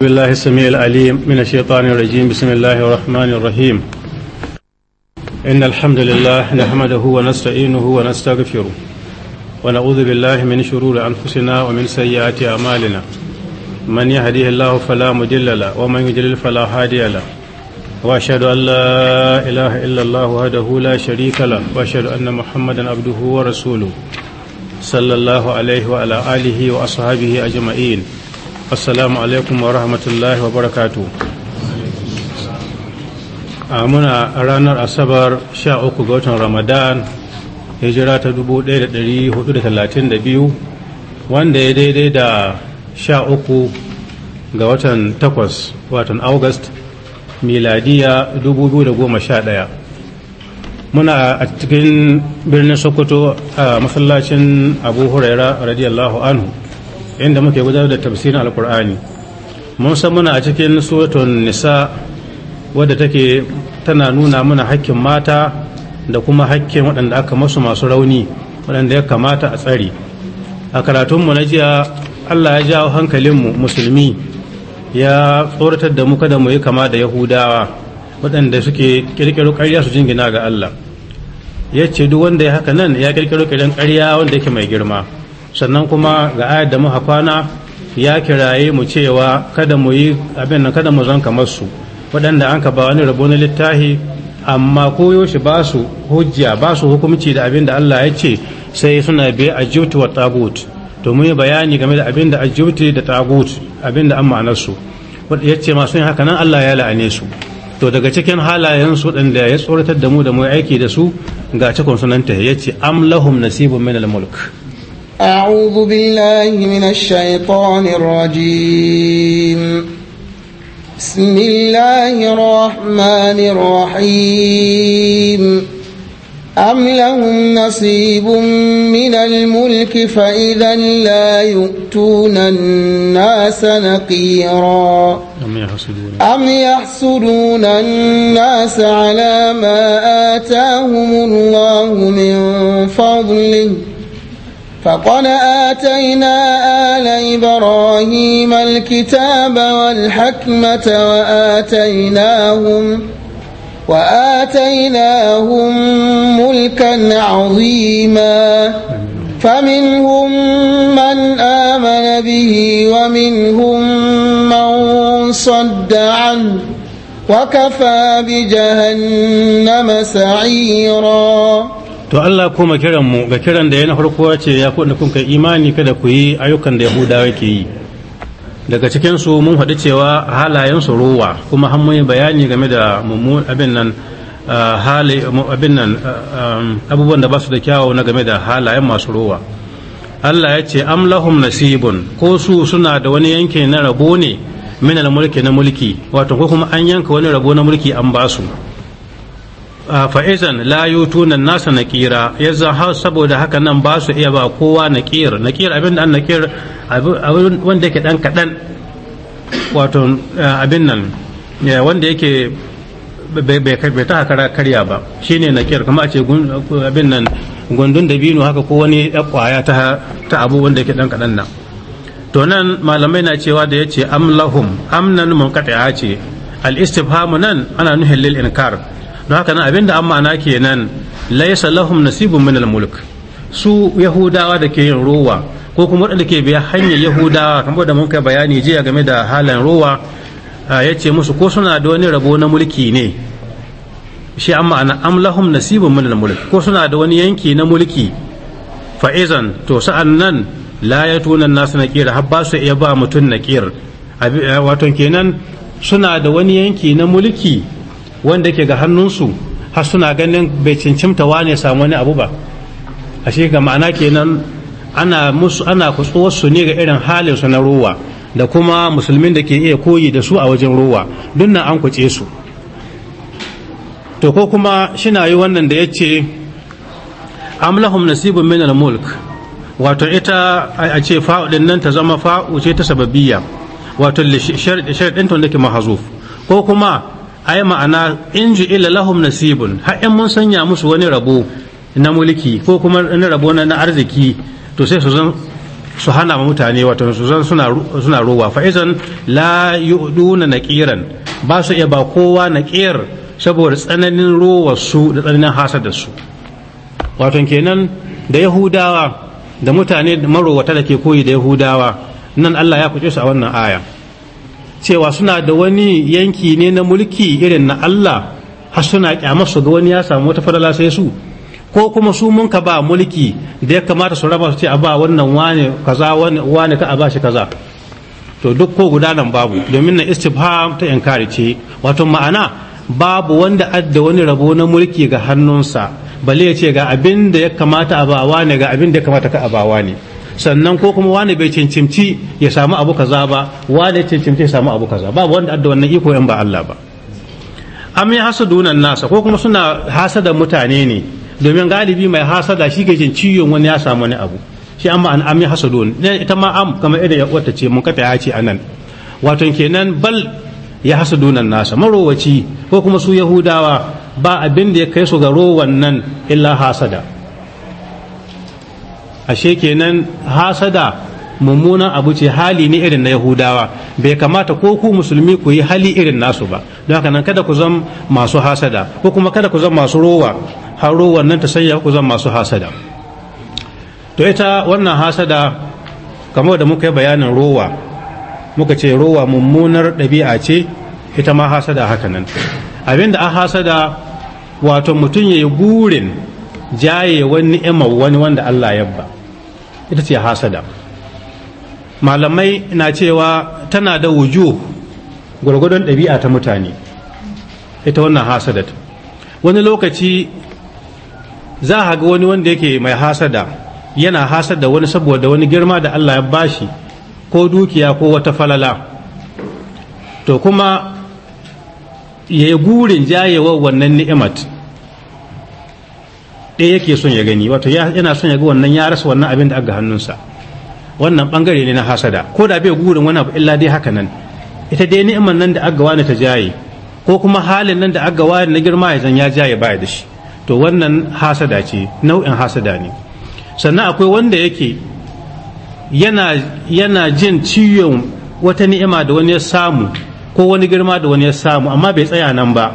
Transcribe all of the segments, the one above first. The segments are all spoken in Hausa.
بالله السميع العليم من الشيطان الرجيم بسم الله الرحمن الرحيم إن الحمد لله نحمده ونستعينه ونستغفره ونعوذ بالله من شرور أنفسنا ومن سيئات أعمالنا من يهديه الله فلا مضل له ومن يضلل فلا هادي له وأشهد أن لا إله إلا الله وحده لا شريك له وأشهد أن محمدا عبده ورسوله صلى الله عليه وعلى آله وأصحابه أجمعين assalamu alaikum wa rahmatullahi wa barakatu a muna ranar asabar sha uku ga watan ramadan hijira ta da hudu biyu. wanda ya daidai da sha uku ga watan takwas watan august miladiya ɗaya. muna a cikin birnin sokoto a masallacin abu huraira radiyallahu anhu inda muke gudanar da tafsirin alkur'ani mun san muna a cikin suratul nisa wadda take tana nuna mana hakkin mata da kuma hakkin waɗanda aka masu masu rauni waɗanda ya kamata a tsari a karatunmu na jiya allah ya jawo mu musulmi ya tsoratar da mu kada mu yi kama da yahudawa waɗanda suke kirkiro ƙarya su jingina ga allah yace duk wanda ya haka nan ya kirkiro ƙarya wanda yake mai girma sannan kuma ga ayar da muka kwana ya kiraye mu cewa kada mu yi abin nan kada mu zan kamar su waɗanda an ka ba wani rabo na littahi amma koyo shi ba su hujja ba su hukumci da abin da Allah ya ce sai suna bi ajuti wa tagut to mun yi bayani game da abin da ajuti da tagut abin da an ma'anar su ya ce masu yin haka nan Allah ya la'ane su to daga cikin halayen su ɗin da ya tsoratar da mu da mu aiki da su ga cikin sunanta ya ce am lahum nasibun min al-mulk أعوذ بالله من الشيطان الرجيم بسم الله الرحمن الرحيم أم لهم نصيب من الملك فإذا لا يؤتون الناس نقيرا أم يحسدون الناس على ما آتاهم الله من فضله فقال آتينا آل إبراهيم الكتاب والحكمة وآتيناهم وآتيناهم ملكا عظيما فمنهم من آمن به ومنهم من صد عنه وكفى بجهنم سعيراً to Allah kuma kiran mu ga kiran da ya na farko ce ya kuɗa kun kai imani kada ku yi ayyukan da Yahudawa ke yi daga cikin su mun faɗi cewa halayen su ruwa kuma har mun bayani game da mummun abin nan abin nan abubuwan da ba su da kyawu na game da halayen masu ruwa Allah ya ce am lahum nasibun ko su suna da wani yanke na rabo ne min mulki na mulki wato ko kuma an yanka wani rabo na mulki an ba su Ah, fa'izan la yutuna nasa nakira yanzu har saboda haka nan ba su iya ba kowa naqir naqir abin da an naqir abin wanda yake dan kadan wato ah, abin nan wanda yake bai ta haka karya ba shine naqir kuma a ce abin nan gundun da binu haka ko wani ya kwaya ta ta abu wanda yake dan kadan nan to nan malamai na cewa da yace amlahum amnan ya ce al istifhamu nan ana nuhin lil inkar don haka nan abinda an ma'ana kenan laisa lahum nasibun min al su yahudawa da ke yin ruwa ko kuma waɗanda ke biya hanyar yahudawa kamar da mun kai bayani jiya game da halin ruwa ya ce musu ko suna da wani rabo na mulki ne shi an ma'ana am lahum nasibun min al ko suna da wani yanki na mulki fa izan to sa'an nan la yatuna nasu naqir har ba su iya ba mutun naqir wato kenan suna da wani yanki na mulki wanda ke ga hannunsu har suna ganin bai cincimta wane samu wani abu ba ashe ga ma'ana kenan ana musu ana kutsuwarsu ne ga irin halin su na ruwa da kuma musulmin da ke iya koyi da su a wajen ruwa nan an kuce su to ko kuma shina yi wannan da yace amlahum nasibun min al-mulk wato ita a ce fa'u din nan ta zama fa'u ce ta sababiyya wato sharɗin ta wanda ke mahazuf ko kuma ai ma'ana in ju'ila lahum nasibun har in mun sanya musu wani rabo na mulki ko kuma na rabo na arziki to sai su zan su hana ma mutane wato su zan suna suna rowa fa izan la yu'duna naqiran ba su iya ba kowa naqir saboda tsananin rowa su da tsananin hasar da su wato kenan da yahudawa da mutane marowata da ke koyi da yahudawa nan Allah ya kuce su a wannan aya cewa suna da wani yanki ne na mulki irin na Allah har suna kyamar su ga wani ya samu wata fadala sai su ko kuma su mun ka ba mulki da ya kamata su raba su ce a ba wannan wane kaza wane ka a ba shi kaza to duk ko guda nan babu domin na istibham ta inkari ce wato ma'ana babu wanda adda wani rabo na mulki ga hannunsa bale ya ce ga abin da ya kamata a ba wane ga abin da ya kamata ka a ba wane sannan ko kuma wani bai cancanci ya samu abu kaza ba wani ya cancanci ya samu abu kaza ba wanda adda wannan iko yan ba Allah ba amma ya dunan nasa ko kuma suna hasada mutane ne domin galibi mai hasada shi ke jin ciwon wani ya samu wani abu shi amma an amma ya dunan ita ma am kamar idan ya wata ce mun kafa ya anan wato kenan bal ya dunan nasa marowaci ko kuma su yahudawa ba abin da ya kai su ga rowan nan illa hasada ashe kenan hasada mummunan abu ce hali ne irin na yahudawa bai kamata ko ku musulmi ku yi hali irin nasu ba don haka nan kada ku zan masu hasada ko kuma kada ku zan masu rowa har rowan nan ta sanya ku zan masu hasada to ita wannan hasada kamar da muka yi bayanin rowa muka ce rowa mummunar ɗabi'a ce ita ma hasada haka nan abinda a hasada wato mutum ya yi burin jaye wani ni'imar wani wanda Allah ya ba ita ce hasada malamai na cewa tana da wuju gwargwadon ɗabi'a ta mutane ita wannan hasadat wani lokaci za a ga wani wanda yake mai hasada yana hasada wani saboda wani girma da allah ya bashi ko dukiya ko wata falala to kuma ya yi gurin jayewar wannan ni'imat ɗaya yake son ya gani wato yana son ya ga wannan ya rasa wannan abin da aka hannunsa wannan bangare ne na hasada ko da bai gurin wani abu illa dai haka nan ita dai ni'imar nan da aka wani ta jaye ko kuma halin nan da aka wani na girma ya zan ya jaye baya da shi to wannan hasada ce nau'in hasada ne sannan akwai wanda yake yana yana jin ciwon wata ni'ima da wani ya samu ko wani girma da wani ya samu amma bai tsaya nan ba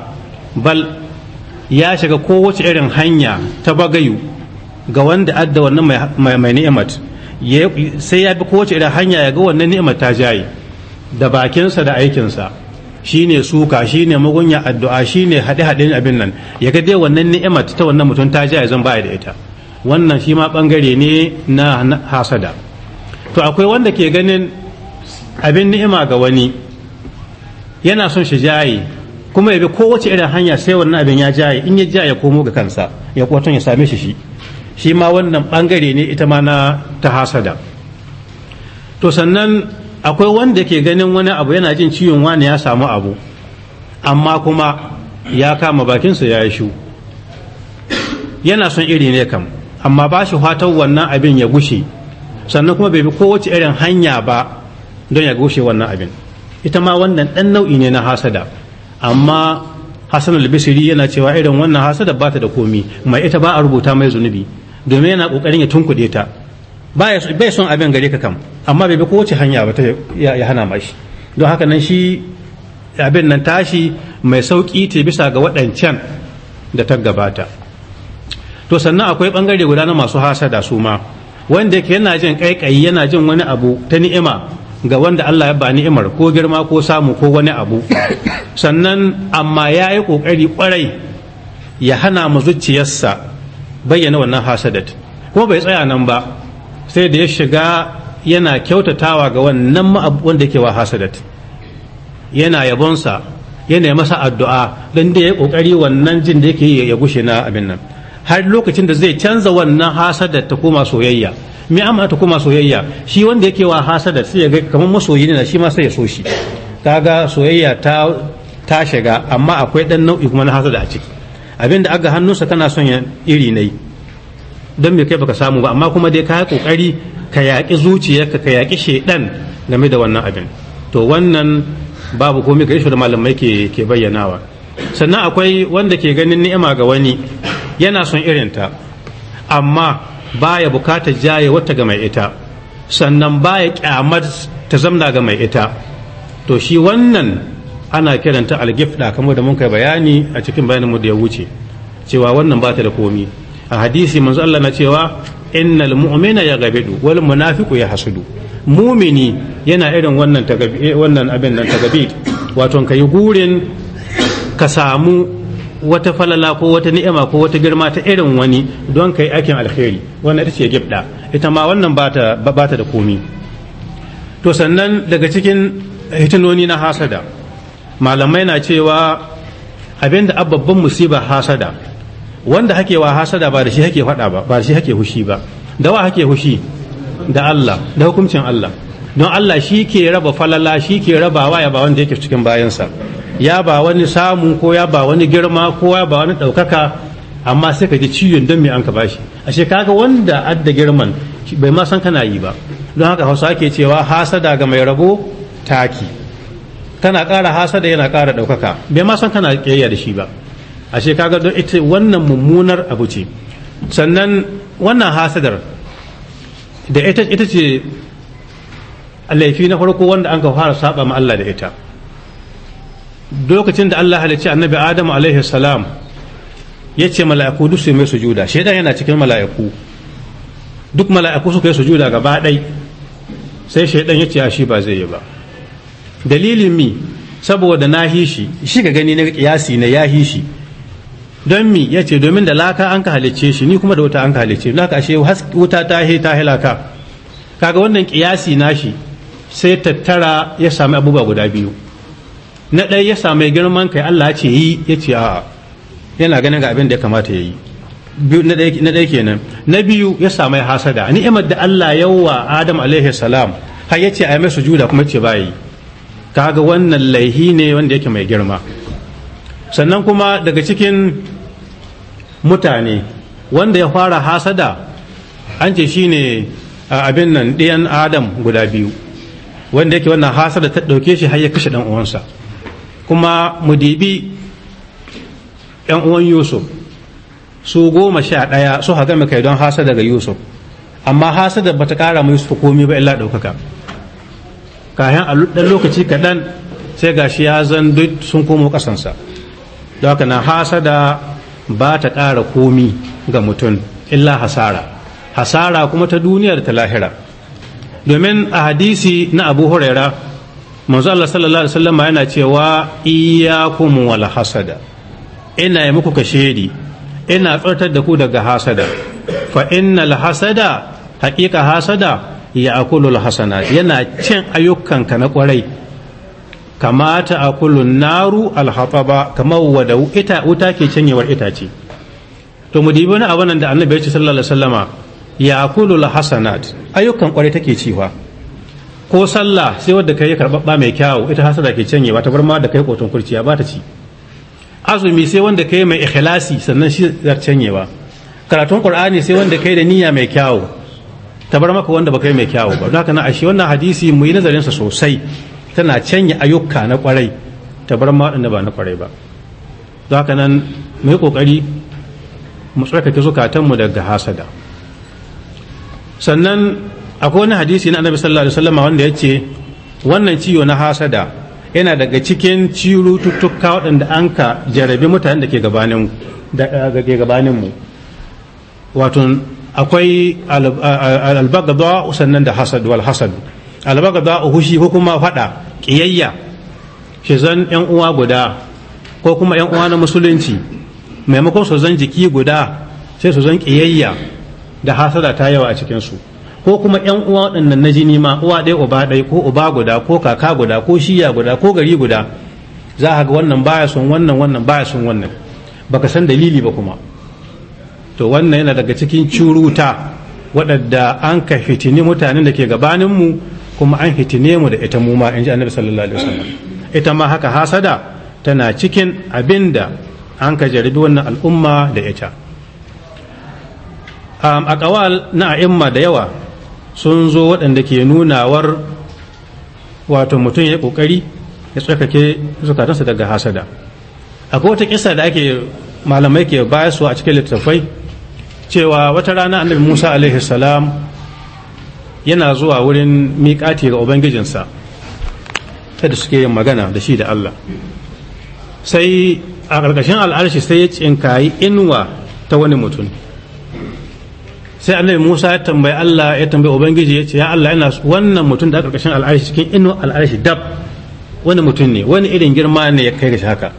bal ya shiga kowace irin hanya ta bagayu ga wanda adda wannan mai ni'imat sai ya bi kowace irin hanya ya ga wannan ni'imat ta jaye da bakinsa da aikinsa shine suka shine mugunya addu'a shine haɗe haɗe abin nan ya ga dai wannan ni'imat ta wannan mutum ta jaye zan baya da ita wannan shi ma bangare ne na hasada to akwai wanda ke ganin abin ni'ima ga wani yana son shi jaye kuma ya bi kowace irin hanya sai wannan abin ya jaye in ya jaye ya komo ga kansa ya kwaton ya same shi shi shi ma wannan bangare ne ita ma na ta hasada to sannan akwai wanda ke ganin wani abu yana jin ciwon wani ya samu abu amma kuma ya kama bakinsa ya yi shu yana son iri ne kam amma ba shi fatan wannan abin ya gushe sannan kuma bai bi kowace irin hanya ba don ya gushe wannan abin ita ma wannan ɗan nau'i ne na hasada amma hasan al-basri yana cewa irin wannan hasada ba ta da komi mai ita ba a rubuta mai zunubi domin yana kokarin ya tunkude ta bai son abin gare ka kam amma bai bi kowace hanya ba ta ya hana mashi don haka nan shi abin nan tashi mai sauƙi ce bisa ga waɗancan da ta gabata to sannan akwai bangare guda na masu hasada su ma wanda yake yana jin ƙaiƙayi yana jin wani abu ta ni'ima ga wanda Allah ya ba ni'imar ko girma ko samu ko wani abu sannan amma ya yi ƙoƙari ƙwarai ya hana mu zuciyarsa bayyana wannan hasadat kuma bai tsaya nan ba sai da ya shiga yana kyautatawa ga wannan wanda yake wa hasadat yana yabonsa yana masa addu'a don da ya ƙoƙari wannan jin da yake ya gushe na abin nan har lokacin da zai canza wannan hasadar ta koma soyayya me amma ta koma soyayya shi wanda yake wa hasadar sai ya ga kamar masoyi ne shi ma sai ya so shi kaga soyayya ta shiga amma akwai dan nau'i kuma na hasada a ciki abinda aga hannunsa kana son ya iri nai don me kai baka samu ba amma kuma dai ka yi kokari ka yaƙi zuciyarka ka yaƙi shedan game da wannan abin to wannan babu komai ga da malamai ke ke bayyanawa sannan akwai wanda ke ganin ni'ima ga wani yana son irin ta amma baya bukatar jaye wata ga mai ita sannan baya kyamar ta zamna ga mai ita to shi wannan ana kiranta algifda kamar da mun kai bayani a cikin bayanin mu da ya wuce cewa wannan ba ta da komi a hadisi manzo Allah na cewa innal mu'mina yaghabidu wal munafiqu yahsudu mumini yana irin wannan eh, wannan abin nan tagabi wato kai gurin ka samu wata falala ko wata ni'ima ko wata girma ta irin wani don kai aikin alheri wannan ita ce gibda ita ma wannan ba ta da komi to sannan daga cikin hitinoni na hasada malamai na cewa abinda ababban musiba hasada wanda hake hasada ba da shi hake faɗa ba ba da shi hake hushi ba da wa hake hushi da Allah da hukuncin Allah don Allah shi ke raba falala shi ke rabawa ya ba wanda yake cikin bayansa ya ba wani samu ko ya ba wani girma ko ya ba wani ɗaukaka amma sai ka ji ciwon don me an ka bashi a shekara wanda adda girman bai ma san kana yi ba don haka hausa ke cewa hasada ga mai rabo taki kana ƙara hasada yana kara ɗaukaka bai ma san kana ƙiyayya da shi ba a kaga don ita wannan mummunar abu ce sannan wannan hasadar da ita ce laifi na farko wanda an ka fara saba ma Allah da ita lokacin da Allah halicci annabi Adam alaihi salam ya ce mala'iku duk su mai sujuda shaidan yana cikin mala'iku duk mala'iku suka yi sujuda gaba ɗai sai shaidan ya ce shi ba zai yi ba dalilin mi saboda na hi shi shi ga gani na kiyasi na ya hi shi don mi ya ce domin da laka an ka halicce shi ni kuma da wuta an ka halicce laka ashe wuta ta hi ta laka kaga wannan kiyasi shi sai tattara ya sami abubuwa guda biyu na ɗaya ya mai girman kai Allah ce yi ya ce a yana ganin ga abin da ya kamata ya yi na ɗaya kenan na biyu ya samu hasada ni'imar da Allah yawa Adam alaihi salam har ya ce a yi mai sujuda kuma ce bayi kaga wannan laihi ne wanda yake mai girma sannan kuma daga cikin mutane wanda ya fara hasada an ce shi shine abin nan ɗayan Adam guda biyu wanda yake wannan hasada ta ɗauke shi har ya kashe ɗan uwansa kuma mu dibi yan uwan yusuf su goma sha ɗaya su haga kai don hasa daga yusuf amma hasa da bata kara mai yusuf komi ba illa ɗaukaka kayan a ɗan lokaci kaɗan sai gashi ya zan duk sun komo ƙasansa don haka na hasa da ba ta ƙara komi ga mutum illa hasara hasara kuma ta duniyar ta lahira domin a hadisi na abu huraira manzo Allah sallallahu alaihi wasallam yana cewa iyyakum wal hasada ina yi muku kashedi ina tsartar da ku daga hasada fa innal hasada haqiqa hasada ya al hasanat yana cin ayyukan ka na kwarai kamata akulu naru hataba kamar wada ita wuta ke cinyewar itace to mu dibi wani abin da annabi ya ce sallallahu alaihi wasallama ya al hasanat ayyukan kwarai take ciwa ko sallah sai wadda kai ya karɓaɓɓa mai kyawu ita hasada ke ba ta ma da kai kotun kurciya ba ta ci azumi sai wanda kai mai ikhlasi sannan shi canye ba karatun qur'ani sai wanda kai da niyya mai kyawu ta bar maka wanda ba kai mai kyawu ba don haka na ashe wannan hadisi mu yi nazarin sa sosai tana canye ayyuka na kwarai ta bar ma ba na kwarai ba don haka nan mu yi kokari mu tsarkake zukatanmu daga hasada sannan akwai wani hadisi na annabi sallallahu alaihi wasallam wanda ya ce wannan ciwo na hasada yana daga cikin cirututtuka waɗanda an ka jarabi mutanen da ke gabanin da ke gabanin mu wato akwai albagada sannan da hasad wal hasad albagada uhushi ko kuma fada kiyayya shi zan yan uwa guda ko kuma yan uwa na musulunci maimakon su zan jiki guda sai su zan kiyayya da hasada ta yawa a cikin su ko kuma yan uwa waɗannan na jini ma uwa ɗaya uba ɗaya ko uba guda ko kaka guda ko shiya guda ko gari guda za a ga wannan baya son wannan wannan baya son wannan baka san dalili ba kuma to wannan yana daga cikin curuta waɗanda an ka fitini mutanen da ke gabaninmu kuma an fitine mu da ita mu ma in ji annabi sallallahu alaihi wasallam ita ma haka hasada tana cikin abinda an ka jaribi wannan al'umma da ita a ƙawal na a'imma da yawa sun zo waɗanda ke nunawar wato mutum ya ƙoƙari ya tsarkake zukatansa daga hasada akwai wata kisa da ake malamai ke baya su a cikin littattafai cewa wata rana annabi musa alaihi salam yana zuwa wurin miƙati ga ubangijinsa da suke yin magana da shi da allah sai a ƙarƙashin al'arshi sai ya tsinkayi inuwa ta wani mutum sai annabi Musa ya tambayi Allah ya tambayi ubangiji ya ce ya Allah yana wannan mutum da karkashin al'arshi cikin inu al'arshi dab wani mutum ne wani irin girma ne ya kai shi haka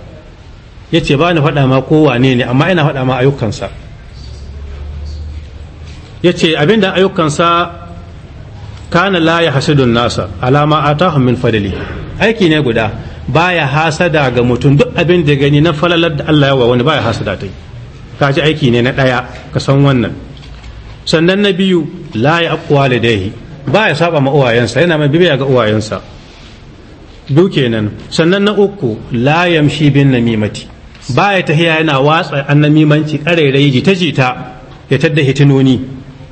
ya ce ba ni faɗa ma ko wane ne amma ina faɗa ma ayyukansa ya ce abinda ayyukansa kana la ya hasidun nasa alama atahum min fadli aiki ne guda baya hasada ga mutum duk abin da gani na falalar da Allah ya wa wani baya hasada ta ka ji aiki ne na ɗaya ka san wannan sannan na biyu la ya da dahi ba ya saba ma uwayensa yana mai bibiya ga uwayensa biyu kenan sannan na uku la yamshi bin namimati ba ya tahiya yana watsa an annamimanci yi jita jita ya tadda hitinoni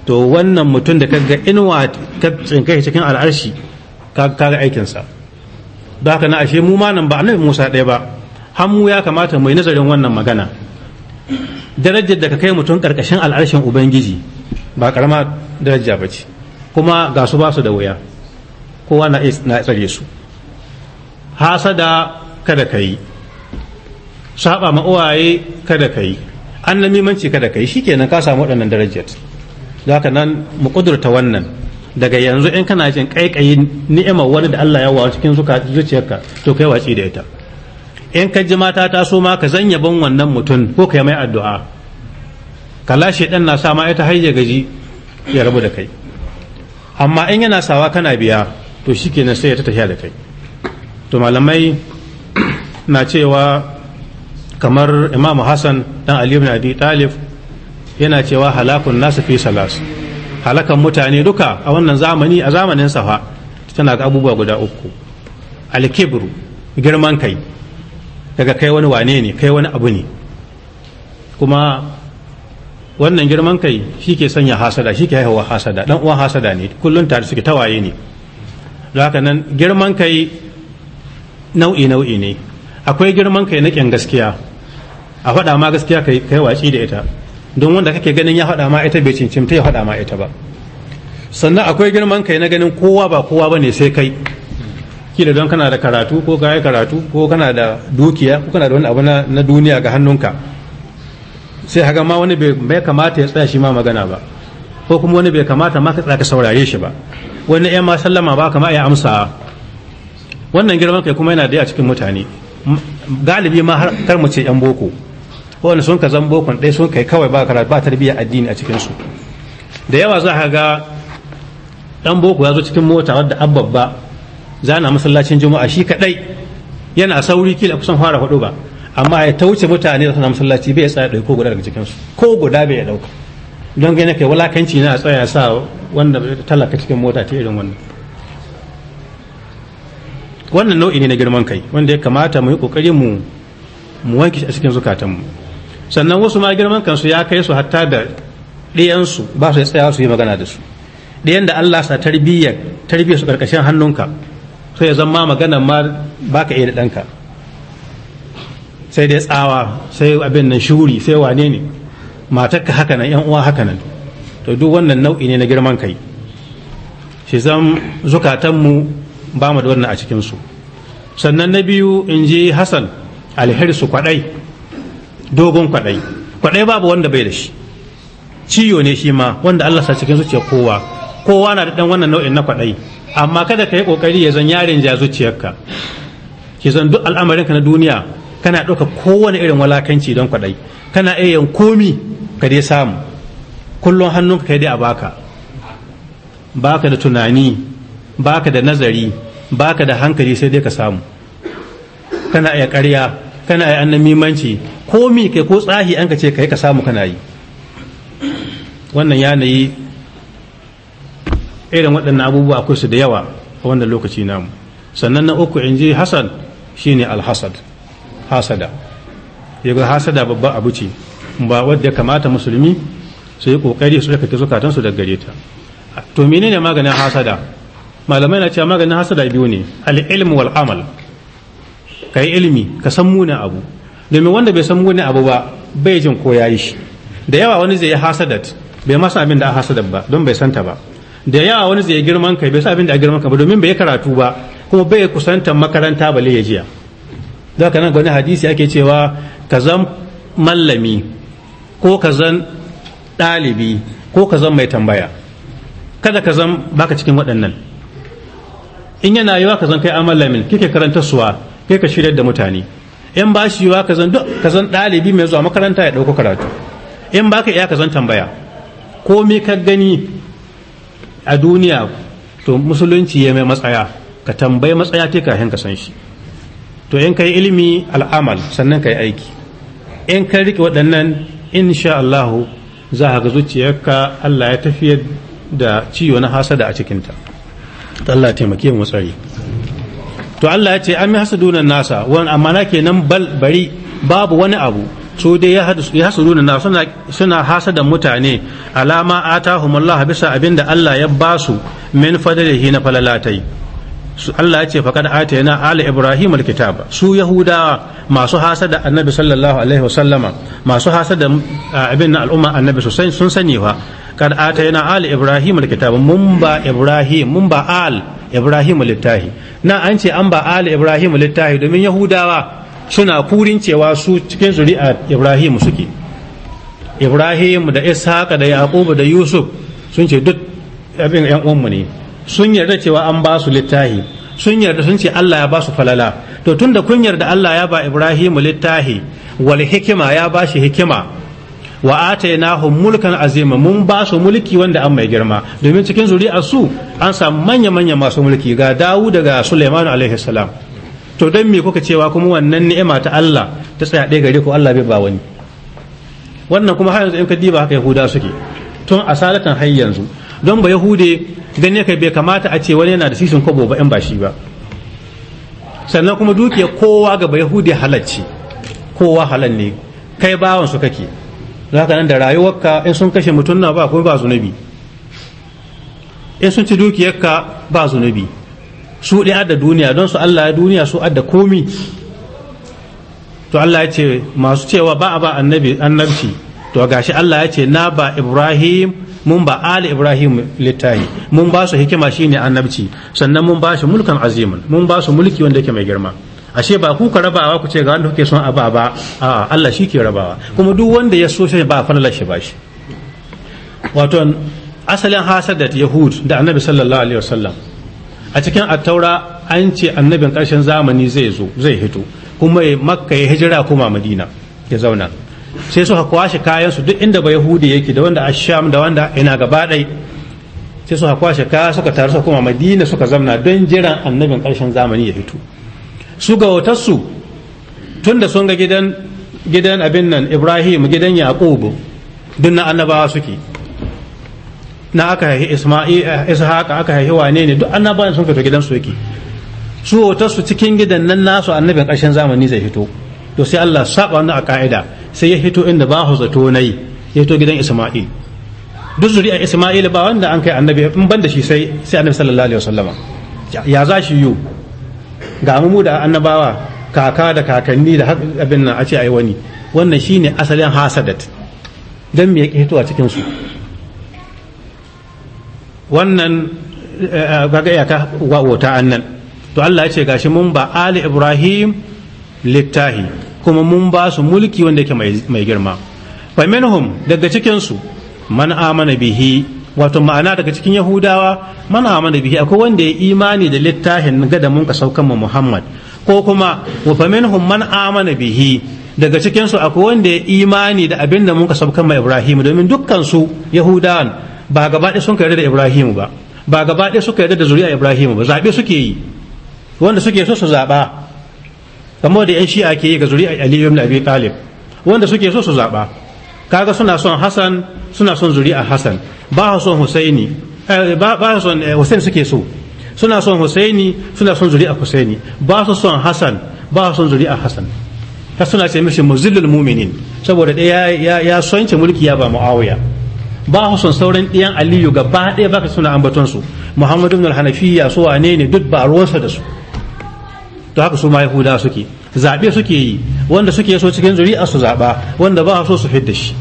to wannan mutum da kaga inuwa ka tsinkai cikin al'arshi kaga aikinsa da ka na ashe mu ma nan ba annabi Musa ɗaya ba hannu ya kamata mu nazarin wannan magana darajar da ka kai mutum ƙarƙashin al'arshin ubangiji ba karama daraja ba ce kuma ga su ba su da wuya kowa na tsare su hasada kada ka yi saba ma uwaye kada ka yi an mimanci kada ka yi shikenan ka samu waɗannan darajar za ka nan mu ƙudurta wannan daga yanzu in kana jin ƙaiƙayi ni'imar wani da Allah ya wa cikin zuciyarka to kai watsi da ita in ka ji mata ta so ma ka zanya ban wannan mutum ko ka yi mai addu'a kalla ɗan na sa ma ita har ya gaji ya rabu da kai amma in yana sawa kana biya to shikenan sai ya ta tafiya da kai to malamai na cewa kamar imamu hassan dan ali ibn abi talib yana cewa halakun nasu fi salas halakan mutane duka a wannan zamani a zamanin safa tana ga abubuwa guda uku alkibru girman kai daga kai wani wane ne kai wani abu ne kuma wannan girman kai shi ke sanya hasada shi ke haihuwa hasada dan uwan hasada ne kullum tare suke tawaye ne haka nan girman kai nau'i nau'i ne akwai girman kai na kyan gaskiya a faɗa ma gaskiya kai watsi da ita don wanda kake ganin ya faɗa ma ita bai cincimta ya faɗa ma ita ba sannan akwai girman kai na ganin kowa ba kowa ba ne sai kai kila don kana da karatu ko yi karatu ko kana da dukiya ko kana da wani abu na duniya ga hannunka sai haga ma wani bai kamata ya tsaya shi ma magana ba ko kuma wani bai kamata ma ka tsaya ka saurare shi ba wani ya ma sallama ba kama ya amsa wannan girman kai kuma yana da a cikin mutane galibi ma har kar mu ce yan boko wani sun ka zan bokon sun kai kawai ba karatu ba tarbiyya addini a cikin da yawa za ka ga ɗan boko ya zo cikin mota wadda abbabba zana masallacin juma'a shi kaɗai yana sauri kila kusan fara hudu ba amma ya ta wuce mutane da suna masallaci bai tsaya ɗauki ko guda daga cikin su ko guda bai ɗauka don gani kai walakanci na tsaya sa wanda talaka cikin mota ta irin wannan wannan nau'i ne na girman kai wanda ya kamata mu yi kokari mu mu wanke a cikin mu sannan wasu ma girman kansu ya kai su hatta da su ba su tsaya su yi magana da su ɗiyan da Allah sa tarbiyyar tarbiyyar su ƙarƙashin hannunka sai ya zama magana ma baka iya da ɗanka sai dai tsawa sai abin nan shuri sai wane ne matarka haka nan yan uwa haka nan to duk wannan nau'i ne na girman kai shi zan zukatanmu ba mu da wannan a cikinsu sannan na biyu in ji hassan alhirsu kwaɗai dogon kwaɗai kwaɗai babu wanda bai da shi ciyo ne shi ma wanda allah sa cikin zuciya kowa kowa na da ɗan wannan nau'in na kwaɗai amma kada ka yi ƙoƙari ya zan yarin ja zuciyarka ki zan duk al'amarinka na duniya kana ɗauka kowane irin walakanci don kwaɗai kana iya yin komi ka dai samu kullum hannunka kai dai a baka baka da tunani baka da nazari baka da hankali sai dai ka samu kana iya ƙarya kana iya annamimanci komi kai ko tsahi an ka ce kai ka samu kana yi wannan yanayi irin waɗannan abubuwa akwai su da yawa a wannan lokaci namu sannan na uku in ji hasan shine alhasad hasada yaga hasada babban abu ce ba wadda kamata musulmi su yi kokari su tsarkake zukatansu daga gare ta to menene maganin hasada malamai na cewa maganin hasada biyu ne al-ilm wal amal kai ilmi ka san muna abu domin wanda bai san munin abu ba bai jin ko yayi shi da yawa wani zai yi hasadat bai masa abin da hasadar ba don bai santa ba da yawa wani zai girman kai bai sa abin da girman kai ba domin bai karatu ba kuma bai kusantar makaranta bale ya jiya da haka nan hadisi ake cewa ka zan mallami ko ka zan ɗalibi ko ka zan mai tambaya kada ka zan baka cikin waɗannan in yana yiwa ka zan kai amallamin kike karanta suwa kai ka shirya da mutane in ba shi yiwa ka zan ka zan ɗalibi mai zuwa makaranta ya ɗauko karatu in baka iya ka zan tambaya ko me ka gani a duniya to musulunci ya mai matsaya ka tambayi matsaya ta kafin ka san shi to in kai ilimi al'amal sannan kai aiki in ka rike waɗannan insha Allah za ka zuciyarka Allah ya tafiyar da ciwo na hasada a cikinta Allah ya taimake mu tsari to Allah ya ce an mi hasaduna nasa wani amma na kenan bal bari babu wani abu su dai ya hasaduna nasa suna suna hasada mutane alama atahumullahu bisa abinda Allah ya basu min fadlihi na falalatai Allah ya ce faqad atayna ala ibrahim alkitaba su yahuda masu hasada annabi sallallahu alaihi wasallama masu hasada abin na al'umma annabi sosai sun sani fa kad atayna ala ibrahim alkitaba mun ba ibrahim mun ba al ibrahim littahi na an ce an ba al ibrahim littahi domin yahudawa suna kurin cewa su cikin zuri'a ibrahim suke ibrahim da ishaq da yaqub da yusuf sun ce duk abin yan uwanmu ne sun yarda cewa an ba su littahi sun yarda sun ce Allah ya ba su falala to tun da kun yarda Allah ya ba Ibrahimu littahi wal hikima ya ba shi hikima wa atainahu mulkan azima mun ba su mulki wanda an mai girma domin cikin zuri'ar su an samu manya manya masu mulki ga Dawud daga Sulaiman alaihi salam to dan me kuka cewa kuma wannan ni'ima ta Allah ta tsaya ɗaya gare ku Allah bai ba wani wannan kuma har yanzu in ka diba haka Yahuda suke tun asalatan har yanzu don ba Yahude dan ne kai bai kamata a ce wani yana da sisin kobo ba in ba shi ba sannan kuma dukiyar kowa ga yahudi halacci kowa halal ne kai bawan su kake ka nan da rayuwarka in sun kashe mutum na ba ko ba zunubi in sun ci dukiyarka ba zunubi su ɗaya da duniya don su Allah duniya su adda komi to Allah ya ce masu cewa ba a ba annabci to gashi Allah ya ce na ba Ibrahim mun ba ali ibrahim littahi mun ba su hikima shine annabci sannan mun ba shi mulkan azimin mun ba su mulki wanda yake mai girma ashe ba ku ka rabawa ku ce ga wanda kuke son a ba ba a Allah shi ke rabawa kuma duk wanda ya so shi ba falalar shi ba shi wato asalin da yahud da annabi sallallahu alaihi wasallam a cikin attaura an ce annabin karshen zamani zai zo zai hito kuma makka ya hijira kuma madina ya zauna sai suka kwashe kayan su duk inda ba yahudi yake da wanda asham da wanda ina gaba ɗai sai suka kwashe kaya suka taru suka kuma madina suka zamna don jiran annabin ƙarshen zamani ya fito su ga watarsu tun da sun ga gidan gidan abin nan ibrahim gidan yaqubu duk na annabawa suke na aka haihi isma'il eh, ishaqa aka haihi wane ne duk annabawa sun fito gidan su yake su hotar su cikin gidan nan nasu annabin ƙarshen zamani zai fito to sai Allah saba wannan a ka'ida sai ya hito inda ba hu zato nai ya hito gidan Isma'il duk zuri'ar Isma'il ba wanda an kai annabi in ban da shi sai sai annabi sallallahu alaihi wasallama ya za shi yu ga mu da annabawa kaka da kakanni da abin nan a ce ai wani wannan shine asalin hasadat dan me yake hitowa cikin su wannan eh, eh, kaga iyaka wauta annan to Allah ya ce gashi mun ba ali ibrahim littahi kuma mun ba su mulki wanda yake mai girma fa daga cikin su man amana bihi wato ma'ana daga cikin yahudawa man amana bihi akwai wanda ya imani da littafin gada mun ka saukan mu muhammad ko kuma wa fa minhum man amana bihi daga cikin su akwai wanda ya imani da abinda da mun ka saukan mu ibrahim domin dukkan su yahudawan ba gaba ɗaya sun yarda da ibrahim ba ba gaba ɗaya suka yarda da zuriya ibrahim ba zabe suke yi wanda suke so su zaɓa kamar da yan shi'a ke yi ga zuri aliyu na abi talib wanda suke so su zaɓa kaga suna son hasan suna son zuri'a hasan ba son husaini eh, ba son eh, husaini suke so suna son husaini suna son zuri'a husaini ba su son hasan ba su son zuri'a hasan ta suna ce mishi muzillul muminin saboda ɗaya ya sonce mulki ya ba muawiya ba su son sauran ɗiyan aliyu gaba ɗaya baka suna ambaton su muhammadu ibn al-hanafiya su wane ne duk ba ruwansa da su to haka su ma yahuda suke zaɓe suke yi wanda suke so cikin zuri'a su zaɓa wanda ba so su fidda shi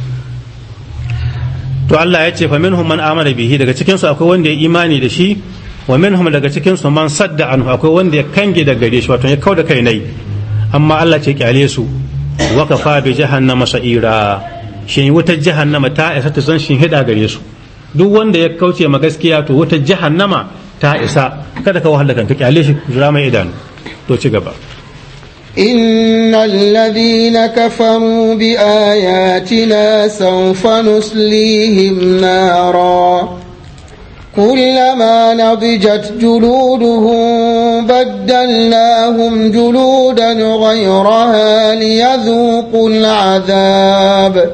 to Allah ya ce fa minhum man amana bihi daga cikin su akwai wanda ya imani da shi wa minhum daga cikin su man sadda anhu akwai wanda ya kange da gare shi wato ya da kai nai amma Allah ce kyale su wa kafa bi jahannama sa'ira shi wutar jahannama ta isa ta san shin hida gare su duk wanda ya kauce ma gaskiya to wutar jahannama ta isa kada ka wahala kanka kyale shi jira mai idanu to إن الذين كفروا بآياتنا سوف نصليهم نارا كلما نضجت جلودهم بدلناهم جلودا غيرها ليذوقوا العذاب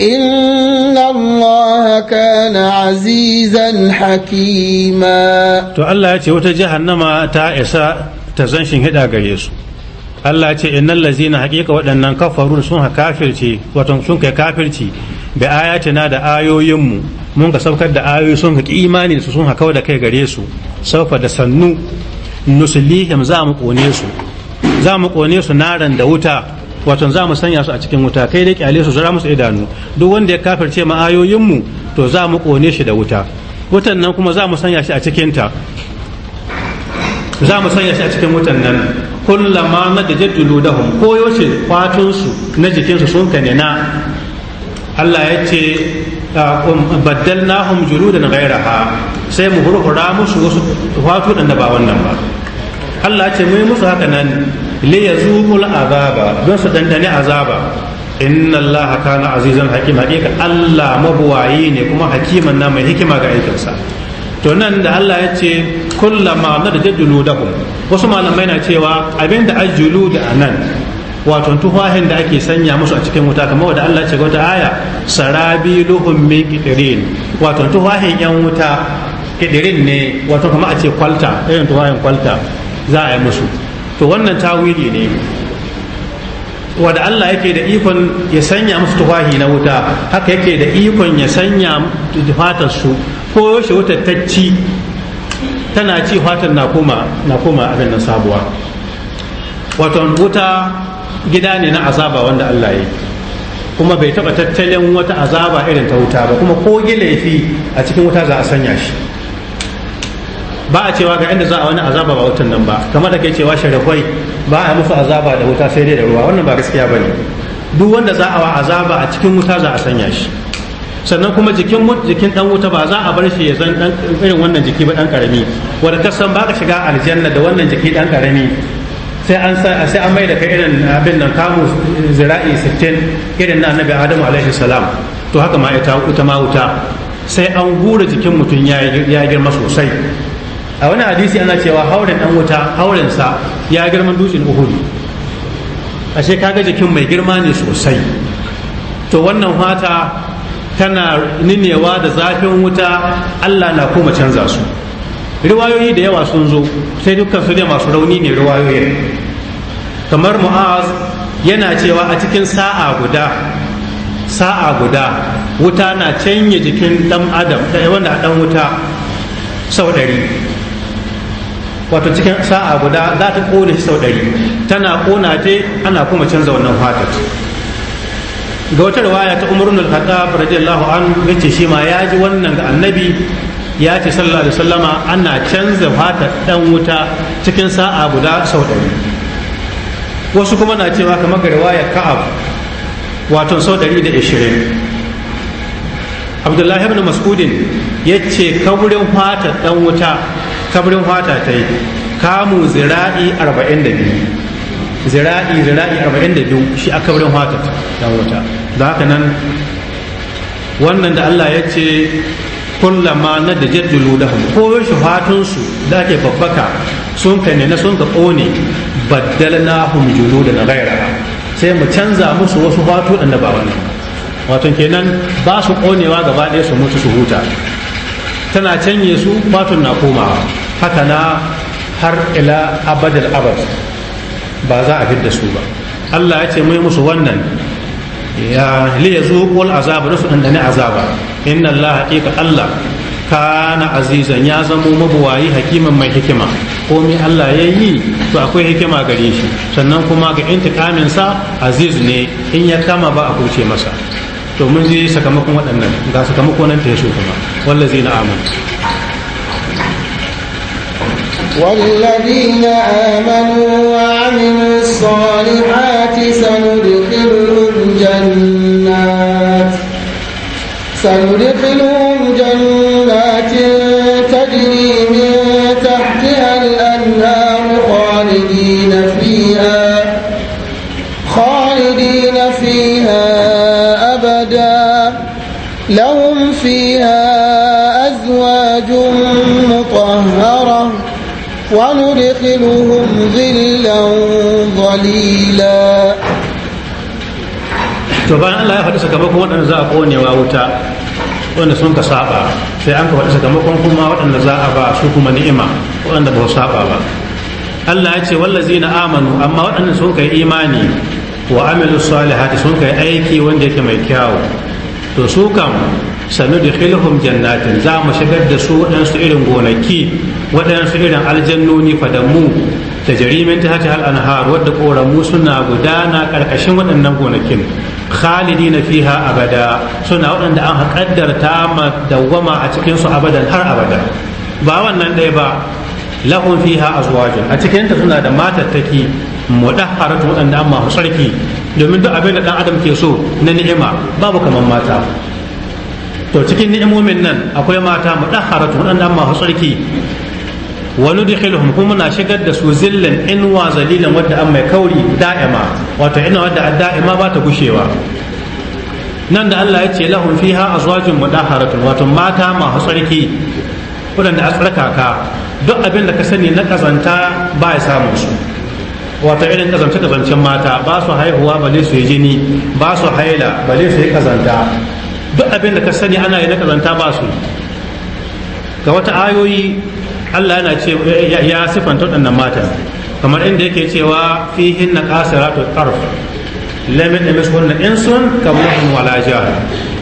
إن الله كان عزيزا حكيما تو الله يتي وتجهنم تائسا ta zan shin hida gare su Allah ce innal lazina haqiqa waɗannan kafaru sun ha kafirci wato sun kai kafirci bi ayatina da ayoyinmu mun ka saukar da ayoyi sun haƙi imani su sun hakau da kai gare su saufa da sannu nusulihim za mu kone su za mu kone su naran da wuta wato za mu sanya su a cikin wuta kai dai kyale su zura musu idanu duk wanda ya kafirce ma mu to za mu kone shi da wuta wutan nan kuma za mu sanya shi a cikin ta. za mu sanya shi a cikin wutan nan kullama na da jaddulu da hum ko fatunsu na jikinsu sun kane na Allah ya ce um, da hum juludan ghairaha sai mu hurhura musu wasu fatu da ba wannan ba Allah ya ce mu yi musu haka nan li yazuqul azaba don su dandane azaba inna Allah kana azizan hakim hakika Allah mabuwayi ne kuma hakiman na mai hikima ga aikinsa to nan da Allah ya ce kullama na da jajjulu da wasu malamai na cewa abin da ajjulu da nan wato tufahin da ake sanya musu a cikin wuta kamar wanda Allah ce wata aya sarabiluhum min qidirin wato tufahin yan wuta kidirin ne wato kamar a ce kwalta irin tufahin kwalta za a yi musu to wannan tawili ne wanda Allah yake da ikon ya sanya musu tufahi na wuta haka yake da ikon ya sanya tufatar su ko yaushe wutar ta tana ci fatan na koma na koma abin nan sabuwa wato wuta gida ne na azaba wanda Allah ya yi kuma bai taba tattalin wata azaba irin ta wuta ba kuma ko laifi a cikin wuta za a sanya shi ba a cewa ga inda za a wani azaba ba wutan nan ba kamar da kai cewa sharafai ba a musu azaba da wuta sai dai da ruwa wannan ba gaskiya bane duk wanda za a wa azaba a cikin wuta za a sanya shi sannan kuma jikin jikin dan wuta ba za a bar shi ya zan dan irin wannan jiki ba dan karami wanda ka san baka shiga aljanna da wannan jiki dan karami sai an sai an mai da kai irin abin nan kamu zira'i 60 irin na annabi Adamu alaihi salam to haka ma ita wuta ma wuta sai an hura jikin mutum ya ya girma sosai a wani hadisi ana cewa hauren dan wuta hauren sa ya girma dutsen uhud ashe kaga jikin mai girma ne sosai to wannan fata tana ninewa da zafin wuta Allah na kuma canza su riwayoyi da yawa sun zo sai dukkan su ne masu rauni ne riwayoyin kamar mu'az yana cewa a cikin sa'a guda sa'a guda wuta na canye jikin dan adam ɗaya eh, wanda dan wuta sau ɗari wato cikin sa'a guda za ta ƙone sau ɗari tana kona ta ana kuma canza wannan fatar ga wata riwaya ta umar bin khattab radiyallahu an yace shi ma ya ji wannan ga annabi ya ce sallallahu alaihi wasallama ana canza fata dan wuta cikin sa'a guda sau ɗari wasu kuma na cewa kamar ga riwaya ka'ab wato sau ɗari da ishirin abdullahi ibn mas'udin ya ce kaburin fata dan wuta kaburin fata ta yi kamu zira'i arba'in da biyu zira'i zira'i arba'in da biyu shi a kabrin haka ta wata. da haka nan wannan da Allah ya ce kullama na da jaddulu da ko shi fatunsu da ake babbaka sun ka na sun ka ƙone baddalna hum julu da gaira sai mu canza musu wasu fatu da ba wannan wato kenan ba su ƙonewa gaba ɗaya su mutu su huta tana canye su fatun na komawa haka na har ila abadal abad ba za a fidda su ba Allah ya ce mai musu wannan ya liya yazuqul azaba da su dandane azaba inna Allah ka Allah kana azizan ya zamo mabuwayi hakiman mai hikima komai Allah ya yi to akwai hikima gare shi sannan kuma ga intikamin sa aziz ne in ya kama ba a kuce masa to mun ji sakamakon waɗannan ga sakamakon nan ta yaso kuma na amanu والذين آمنوا وعملوا الصالحات سندخلهم جنات سندخلهم جنات وندخلهم ظلا ظليلا to bayan Allah ya faɗi sakamakon waɗanda za a ƙonewa wuta waɗanda sun ka saba sai an ka faɗi sakamakon kuma waɗanda za a ba su kuma ni'ima waɗanda ba su saba ba Allah ya ce wallazi na amanu amma waɗanda sun kai imani wa amilu salihati sun kai aiki wanda yake mai kyawu to su kam sanu da jannatin za mu shigar da su waɗansu irin gonaki waɗansu irin aljannoni fadammu da jarimin ta hata al'anhar wadda ƙoramu suna gudana ƙarƙashin waɗannan gonakin khalidi na fiha abada suna waɗanda an haƙaddarta dawwama a cikinsu abadan har abada ba wannan ɗaya ba lahun fiha azwajun a cikinta suna da matattaki mudahharatu waɗanda an masu sarki domin duk abin da ɗan adam ke so na ni'ima babu kamar mata to cikin ni'imomin nan akwai mata mudahharatu waɗanda an masu sarki wani dukkan kuma na shigar da su zillan inuwa zalilan wadda an mai kauri da'ima wato ina wadda da'ima ba ta gushewa nan da Allah ya ce lahum fiha azwajun mudahharatun wato mata masu tsarki waɗanda a tsarkaka duk abin da ka sani na kazanta ba ya samu su wato irin kazance kazancen mata ba su haihuwa bale su yi jini ba su haila bale su yi kazanta duk abin da ka sani ana yi na kazanta ba su ga wata ayoyi Allah yana ce ya sifanta waɗannan matan kamar inda yake cewa fihin na kasiratu tarf lamin in sun insun kamuhin walaja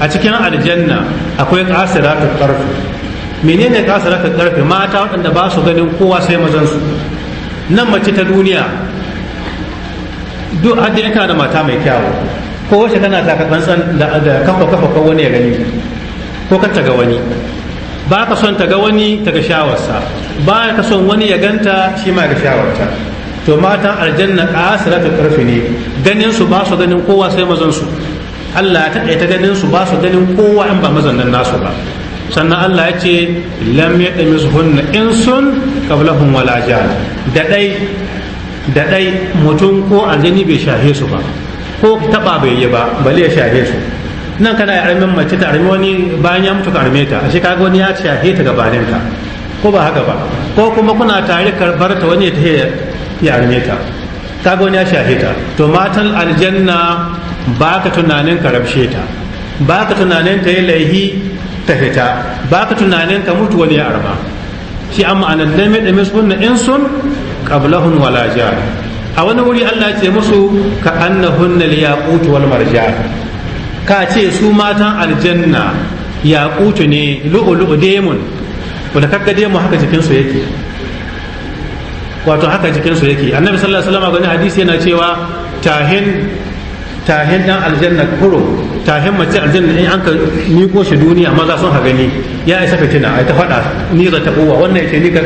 a cikin aljanna akwai kasiratu tarf menene kasiratu tarf mata waɗanda ba su ganin kowa sai su? nan mace ta duniya duk hadda da mata mai kyawu ko wace tana taka da kafa kafa ko wani ya gani ko kanta ga wani ba ka son ta ga wani ta ga shawarsa ba ka son wani ya ganta shi ma ga shawarta to matan aljanna qasiratu karfi ne ganin su ba su ganin kowa sai mazan su Allah ya ta ta ganin su ba su ganin kowa in ba mazan nan nasu ba sannan Allah ya ce lam in sun qablahum wala jan da dai da dai mutum ko aljani bai shahe su ba ko taba bai yi ba bale ya shahe su nan kana armin mace ta armi wani bayan ya mutu ka arme ta ashe kaga wani ya shahe ta gabanin ta ko ba haka ba ko kuma kuna tare karbar ta wani ya ya arme ta kaga wani ya ya heta to matan aljanna ba ka tunanin ka rabshe ta ba ka tunanin ta yi laihi ta heta ba ka tunanin ka mutu wani ya arma shi amma anan dame da na in sun qablahun wala jiya a wani wuri Allah ya ce musu ka annahunnal yaqut wal marjan ka ce su matan aljanna ya kutu ne lu'ulu'u demon wanda kakka demon haka jikinsu yake wato haka jikinsu yake annabi sallallahu alaihi wasallam gani hadisi yana cewa tahin tahin dan aljanna kuro tahin mace aljanna in an ka miko shi duniya maza sun ha ni ya isa fitina ai ta faɗa ni za ta buwa wannan yake ni ka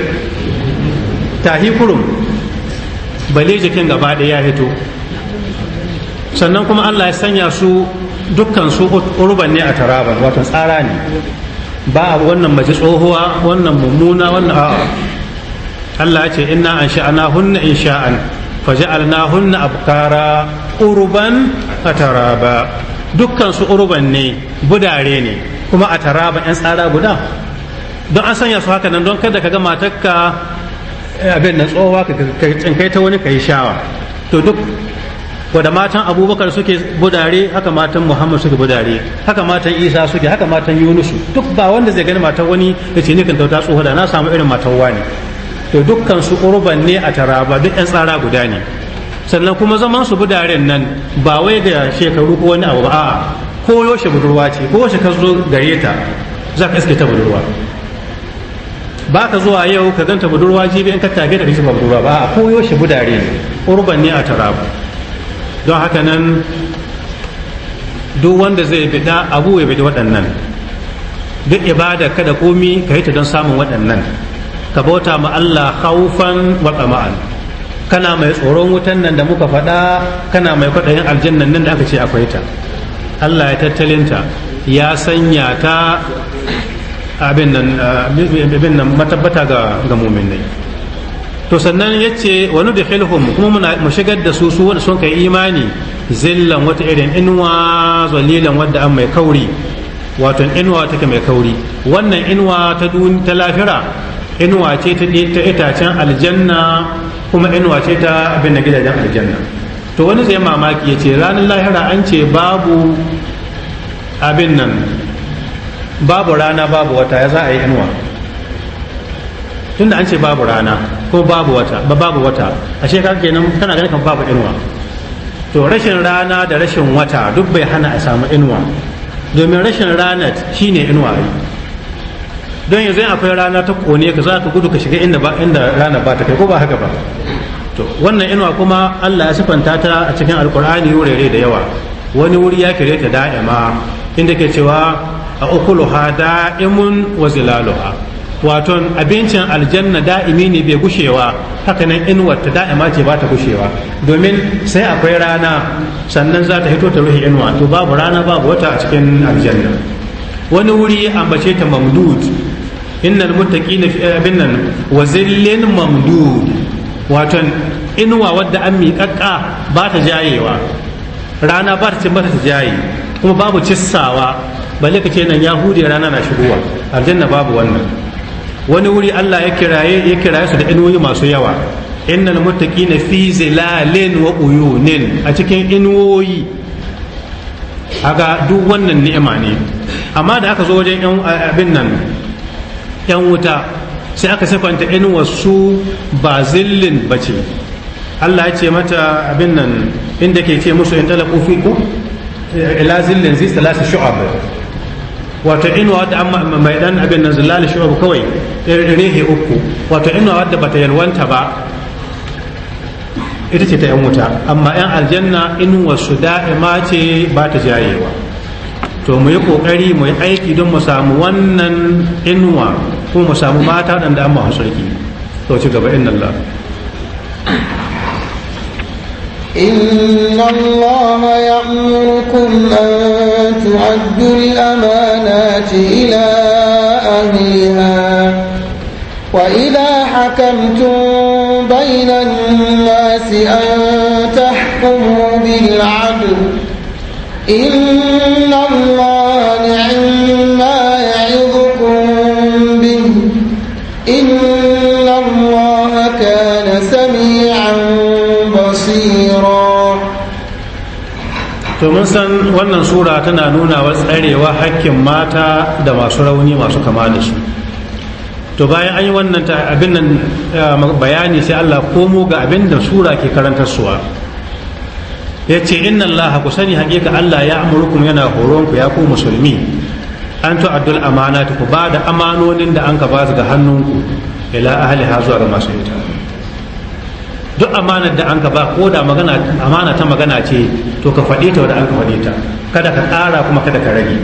tahi kurum bale jikin gaba ɗaya ya hito sannan kuma Allah ya sanya su dukkan su urban ne a taraba wato tsara ne ba a wannan mace tsohuwa wannan mummuna wannan a'a Allah ya ce inna an sha'ana hunna in sha'an ja'alna hunna abkara urban a taraba dukkan su urban ne budare ne kuma a taraba yan tsara guda don an sanya su haka nan don kada ka ga matarka eh, abin nan tsohuwa ka tsinkai ta wani ka yi shawa to duk wadda matan abubakar suke budare haka matan muhammad suke budare haka matan isa suke haka matan yunusu duk ba wanda zai gani matan wani da ce nikan kyauta da na samu irin matan wani to dukkan su urban ne a taraba duk yan tsara guda ne sannan kuma zaman su budaren nan ba wai da shekaru ko wani abu ba a'a ko yaushe budurwa ce ko yaushe ka zo gare ta za ka iske ta budurwa ba ka zuwa yau ka ganta budurwa jibi in ka tage da shi budurwa ba a ko shi budare ne urban ne a tarabu don haka nan duk wanda zai bida abu ya bida waɗannan duk ibada kada komi ka yi ta don samun waɗannan ka bauta ma Allah haufan wa tsama'an kana mai tsoron wutan nan da muka faɗa kana mai kwaɗayin aljannan nan da aka ce akwai ta Allah ya tattalin ta ya sanya ta abin nan matabbata ga muminai to sannan ya ce wani da kuma mu shigar da su su wanda sun kai imani zillan wata irin inuwa zalilan wadda an mai kauri wato inuwa take mai kauri wannan inuwa ta ta lafira inuwa ce ta itacen aljanna kuma inuwa ce ta abin da gidajen aljanna to wani zai mamaki ya ce ranar lahira an ce babu abin nan babu rana babu wata ya za a yi inuwa tunda an ce babu rana ko babu wata babu wata a kaga kenan kana ganin kan babu inuwa to rashin rana da rashin wata duk bai hana a samu inuwa domin rashin rana shine inuwa don yanzu akwai rana ta kone ka za ka gudu ka shiga inda ba inda rana ba ta kai ko ba haka ba to wannan inuwa kuma Allah ya sifanta ta a cikin alkur'ani wurare da yawa wani wuri ya kire ta da'ima inda ke cewa a ukuluha da'imun wa zilaluha waton abincin aljanna da'imi ne bai gushewa hakanan inuwarta da'ima ce ba ta gushewa domin sai akwai rana sannan za ta hito ta rufe inuwa to babu rana babu wata a cikin aljanna wani wuri ya ambace ta mamdud innal muttaqina fi eh, abin wa zillin mamdud waton inuwa wadda an miƙaƙƙa ba ta jayewa rana ba ta ce ta jaye kuma babu cissawa balle ka ce nan yahudi rana na shigowa aljanna babu wannan wani wuri Allah ya kiraye ya kiraye su da inuwoyi masu yawa innal muttaqina fi zilalin wa uyunin a cikin inuwoyi aga duk wannan ni'ima ne amma da aka zo wajen yan abin nan yan wuta sai aka sifanta inuwarsu ba zillin bace Allah ya ce mata abin nan inda ke ce musu in talaqu fiku ila zillin zai talasa shu'ab wato inuwa wadda an mai dan abin nan zillali shi kawai rehe uku wato inuwa wadda bata yalwanta ba ita ce ta yan wuta amma yan aljanna inuwar su da'ima ce ba ta jayewa to mu yi kokari mu yi aiki don mu samu wannan inuwa ko mu samu mata waɗanda an ma sarki to ci gaba inna Allah إن الله يأمركم أن تعدوا الأمانات إلى أهلها وإذا حكمتم بين الناس أن تحكموا بالعدل إن to mun san wannan sura tana nuna wa tsarewa hakkin mata da masu rauni masu kama da su to bayan an yi wannan abin nan bayani sai Allah komo ga abin da sura ke karantar suwa ya ce inna Allah ku sani hakika Allah ya amurkum yana horon ku ya ku musulmi an to addul amana ku ba da amanonin da an ka ba su ga hannunku ila ahli ha zuwa ga masu ita duk amanar da an ka ba ko da magana amana ta magana ce to ka faɗi ta wadda an ka faɗi ta kada ka ƙara kuma kada ka rage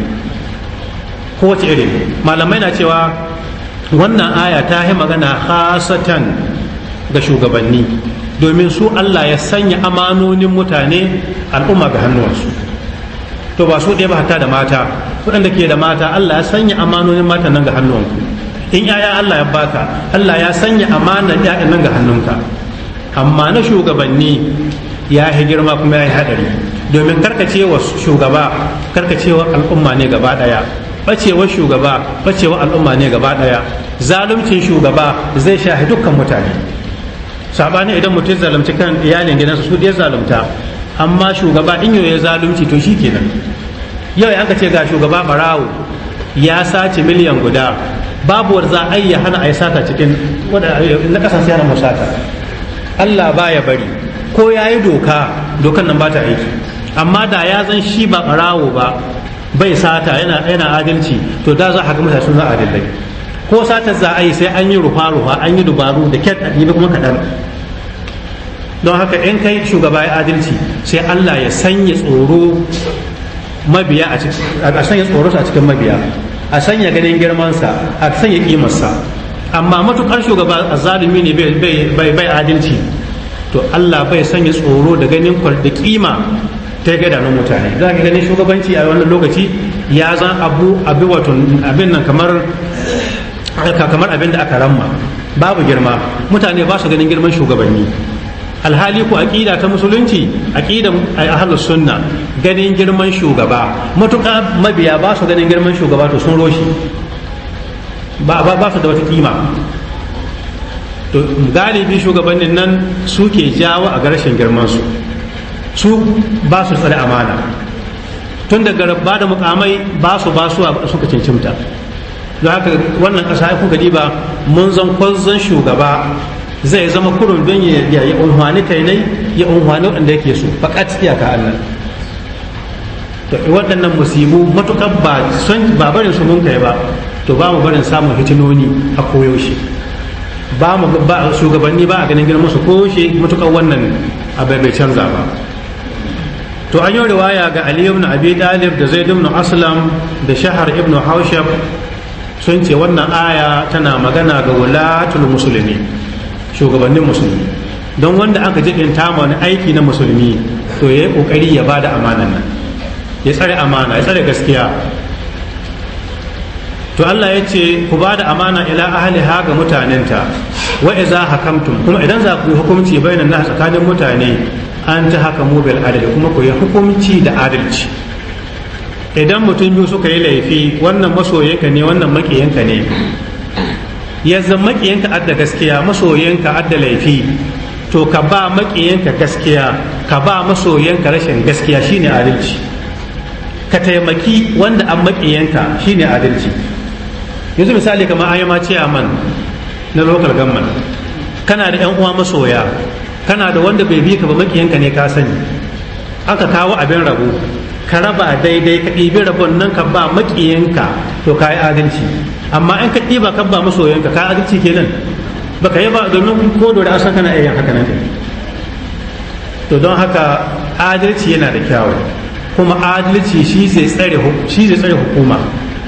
kowace irin malamai na cewa wannan aya ta yi magana hasatan ga shugabanni domin su Allah ya sanya amanonin mutane al'umma ga hannuwansu to ba su ɗaya ba hatta da mata waɗanda ke da mata Allah ya sanya amanonin mata nan ga hannuwanku in yaya Allah ya baka Allah ya sanya amanan ya'yan nan ga hannunka amma na shugabanni ya yi girma kuma ya yi haɗari domin karkacewa shugaba karkacewa al'umma ne gaba daya bacewa shugaba bacewa al'umma ne gaba daya Zalumcin shugaba zai shahi dukkan mutane sabani idan mutum zalunci kan iyalin gidansa su dai zalumta. amma shugaba in ya zalumci to shi kenan yau an ka ce ga shugaba barawo ya sace miliyan guda babuwar za a yi hana a yi sata cikin na ƙasa sai hana musata Allah ba ya bari ko ya yi doka dokan nan ba ta aiki amma da ya zan shi ba barawo ba bai sata yana adalci to da za a ga mutane suna adalai ko satar za a yi sai an yi rufa rufa an yi dubaru da kyan a da kuma kaɗan don haka in kai shugaba ya adalci sai Allah ya sanya tsoro mabiya a sanya tsoronsa a cikin mabiya a sanya ganin girmansa a sanya kimarsa amma matukar shugaba a zalimi ne bai adalci to Allah bai sanya tsoro da ganin da kima ta ga idanun mutane za ka ganin shugabanci a wannan lokaci ya zan abu abin wato abin nan kamar kamar abin da aka ramma babu girma mutane ba su ganin girman shugabanni alhali ku aƙida ta musulunci aƙidan ahlus sunna ganin girman shugaba matuƙa mabiya ba su ganin girman shugaba to sun roshi ba ba su da wata kima to galibi shugabannin nan suke jawo a garashin girman su su ba su tsare amana tun daga ba da mukamai ba su ba su suka cancanta don haka wannan ƙasa ya kuka ba mun zan kwanzon shugaba zai zama kurun don ya unhwani kai nai, ya unhwani wanda yake so fakat ka Allah to waɗannan musibu matukar ba son ba barin su mun kai ba to ba mu barin samun hitinoni a koyaushe ba mu ba shugabanni ba a ganin girman su koyaushe matukar wannan abai bai canza ba to an yi riwaya ga ali ibn abi Talib da zaid ibn aslam da shahar ibn haushab sun ce wannan aya tana magana ga wulatul musulmi shugabannin musulmi don wanda aka jibinta ta wani aiki na musulmi to ya yi kokari ya bada amana nan ya tsare amana ya tsare gaskiya to Allah ya ce ku bada amana ila ahliha ga mutanenta wa iza hakamtum kuma idan za ku yi hukunci bayanan na tsakanin mutane an ta haka mobil adali kuma ku yi hukunci da adalci idan mutum biyu suka yi laifi wannan masoyinka ne wannan makiyanka ne ya zama makiyanka adda gaskiya masoyinka adda laifi to ka ba makiyanka gaskiya ka ba masoyanka rashin gaskiya shine adalci ka taimaki wanda an makiyanka shine adalci yanzu misali kamar ayyama ciyaman na lokal gamman kana da yan uwa masoya kana da wanda bai bi ka ba makiyanka ne ka sani aka kawo abin rabo ka raba daidai ka ɗibi rabon nan ka ba makiyanka to ka yi adalci amma in ka ɗiba ka ba masoyanka ka adalci kenan ka yi ba domin ko dore kana iya yin haka nan to don haka adalci yana da kyawu kuma adalci shi zai tsare shi zai tsare hukuma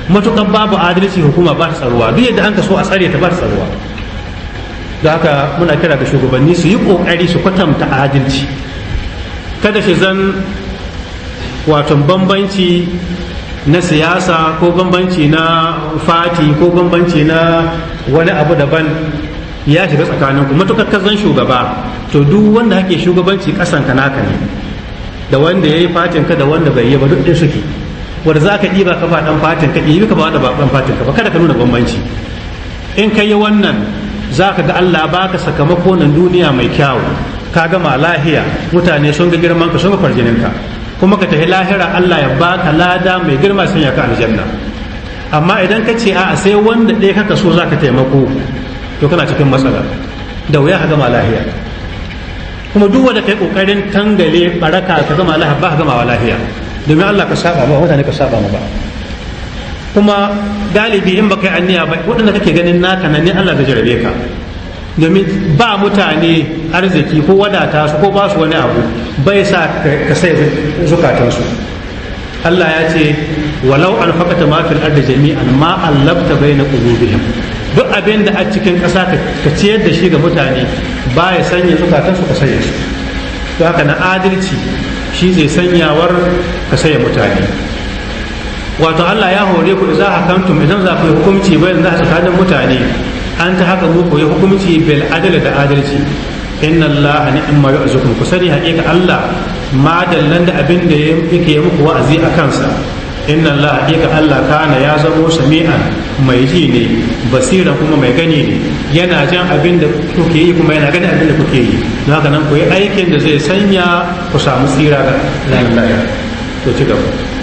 matukan babu adalci hukuma ba ta tsaruwa duk yadda an ka so a tsare ta ba ta tsaruwa da haka muna kira ga shugabanni su yi kokari su kwatanta adalci kada shi zan wato bambanci na siyasa ko bambanci na fati ko bambanci na wani abu daban ya shiga tsakanin ku matukar ka zan shugaba to duk wanda hake shugabanci kasan ka naka ne da wanda ya yi fatin ka da wanda bai yi ba duk ɗin suke wanda za ka ɗiba ka ɗan fatin ka ɗibi ka ba da fatin ka ba kada ka nuna bambanci in ka yi wannan za ka ga Allah ba ka sakamako nan duniya mai kyawu ka gama lahiya mutane sun ga girman ka sun ga farjinin ka kuma ka tafi lahira Allah ya ba ka lada mai girma sun ya ka aljanna amma idan ka ce a sai wanda ɗaya kaka so ka taimako to kana cikin matsala da wuya ka gama lahiya kuma duk wanda kai kokarin tangale baraka ka gama lahiya ba ka gama lahiya domin Allah ka saba ba mutane ka saba ma ba kuma galibi in baka yi anniya ba waɗanda kake ganin naka na ne Allah zai jarabe ka domin ba mutane arziki ko wadata su ko ba su wani abu bai sa ka sai zukatansu Allah ya ce walau an faƙata ma fil jami'an ma allabta baina qulubihim duk abin da a cikin ƙasa ka ciyar da shi ga mutane ba ya sanya zukatansu ka saye su haka na adalci shi zai sanyawar ka saya mutane wato Allah ya hore ku za a kamtum idan za ku yi hukunci bai za a tsakanin mutane an ta haka muku yi hukumci bil adala da adalci inna Allah ya ya'zukum ku sani haƙiƙa Allah ma dallan da abin da yake muku wa'azi a kansa inna Allah haƙiƙa Allah kana ya zamo sami'an mai ji ne basira kuma mai gani ne yana jan abin da kuke yi kuma yana gani abin da kuke yi don haka nan ku yi aikin da zai sanya ku samu tsira ga lalata to ci gaba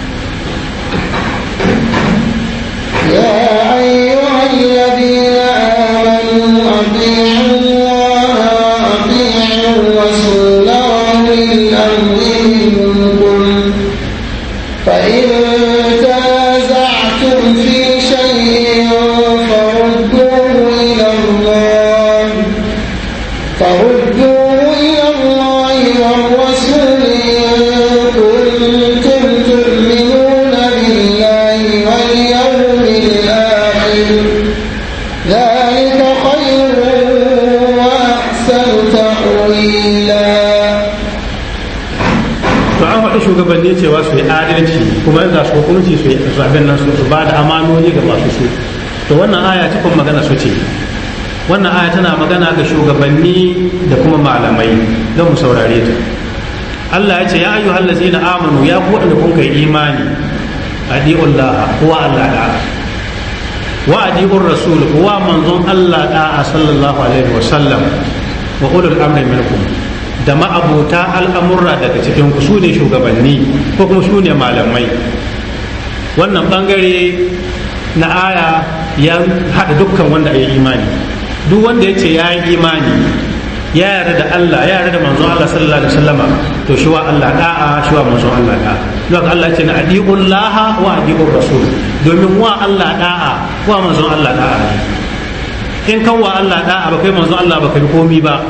babban magana su ce wannan aya tana magana ga shugabanni da kuma malamai don mu saurare ta Allah ya ce ya ayyu hallazi na amanu ya ku waɗanda kun kai imani adi'ullah wa Allah da wa adi'ur rasul wa manzon Allah da sallallahu alaihi wa wa ulul amri minkum da ma'abota al'amurra daga cikin ku su ne shugabanni ko kuma su ne malamai wannan bangare na aya ya haɗa dukkan wanda ya yi imani duk wanda ya ce ya yi imani ya yarda da Allah ya yarda da manzon Allah sallallahu alaihi wasallam to shi wa Allah da'a shi wa manzon Allah da'a don Allah ya ce na adi'ullah wa adi'ur rasul domin wa Allah da'a wa manzon Allah da'a in kan wa Allah da'a ba kai manzon Allah ba kai komi ba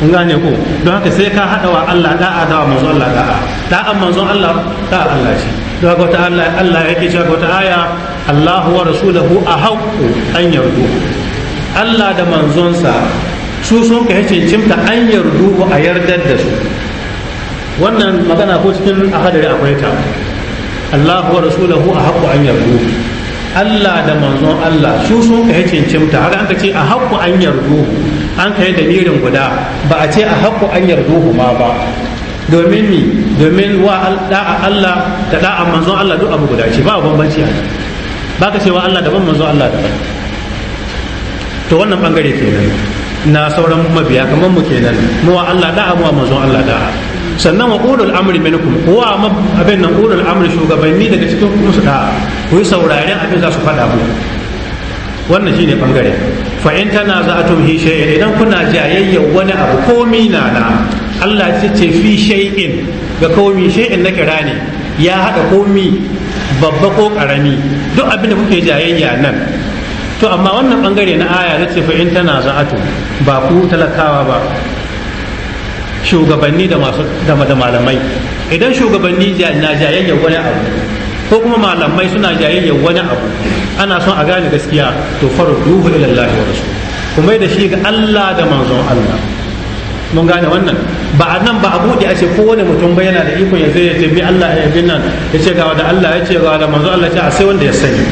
kun gane ko don haka sai ka hada wa Allah da'a da wa manzon Allah da'a da'a manzon Allah da'a Allah ce don haka wata Allah yake cewa wata aya Allahu a haƙƙo an yardu Allah da manzonsa wannan magana ko cikin ahadari akwai ta wa a haƙƙo an yardu Allah da manzon Allah su sun har an ce a haƙƙo an yardu an kai dalilin guda ba a ce a haƙƙo an yardu ba domin domin wa da'a Allah da da'a manzon Allah duk abu guda ce ba bambanci a baka cewa Allah daban manzo Allah daban to wannan bangare kenan na sauran mabiya kamar mu kenan mu wa Allah da'a mu wa manzo Allah da'a sannan wa ulul amri minkum wa abin nan ulul amri shugabanni daga cikin ku su da'a ku yi sauraren abin za su faɗa mu wannan shine bangare fa in tana za'atum hi shay'in idan kuna jayayya wani abu komi na na Allah ya ce fi shay'in ga komi shay'in na kirani ya haɗa komi babba ko karami duk abin da kuke jayayya nan to amma wannan bangare na aya na ce fa in tana za'atu ba ku talakawa ba shugabanni da masu da malamai idan shugabanni na jayayya wani abu ko kuma malamai suna jayayya wani abu ana son a gane gaskiya to faru duhu ilallahi wa rasul kuma da shi ga Allah da manzon Allah mun gane wannan ba a nan ba a buɗe a ce kowane mutum ba yana da iko ya zai ya bi Allah ya bin nan ya ce ga da Allah ya ce ga da manzo Allah ce a sai wanda ya sani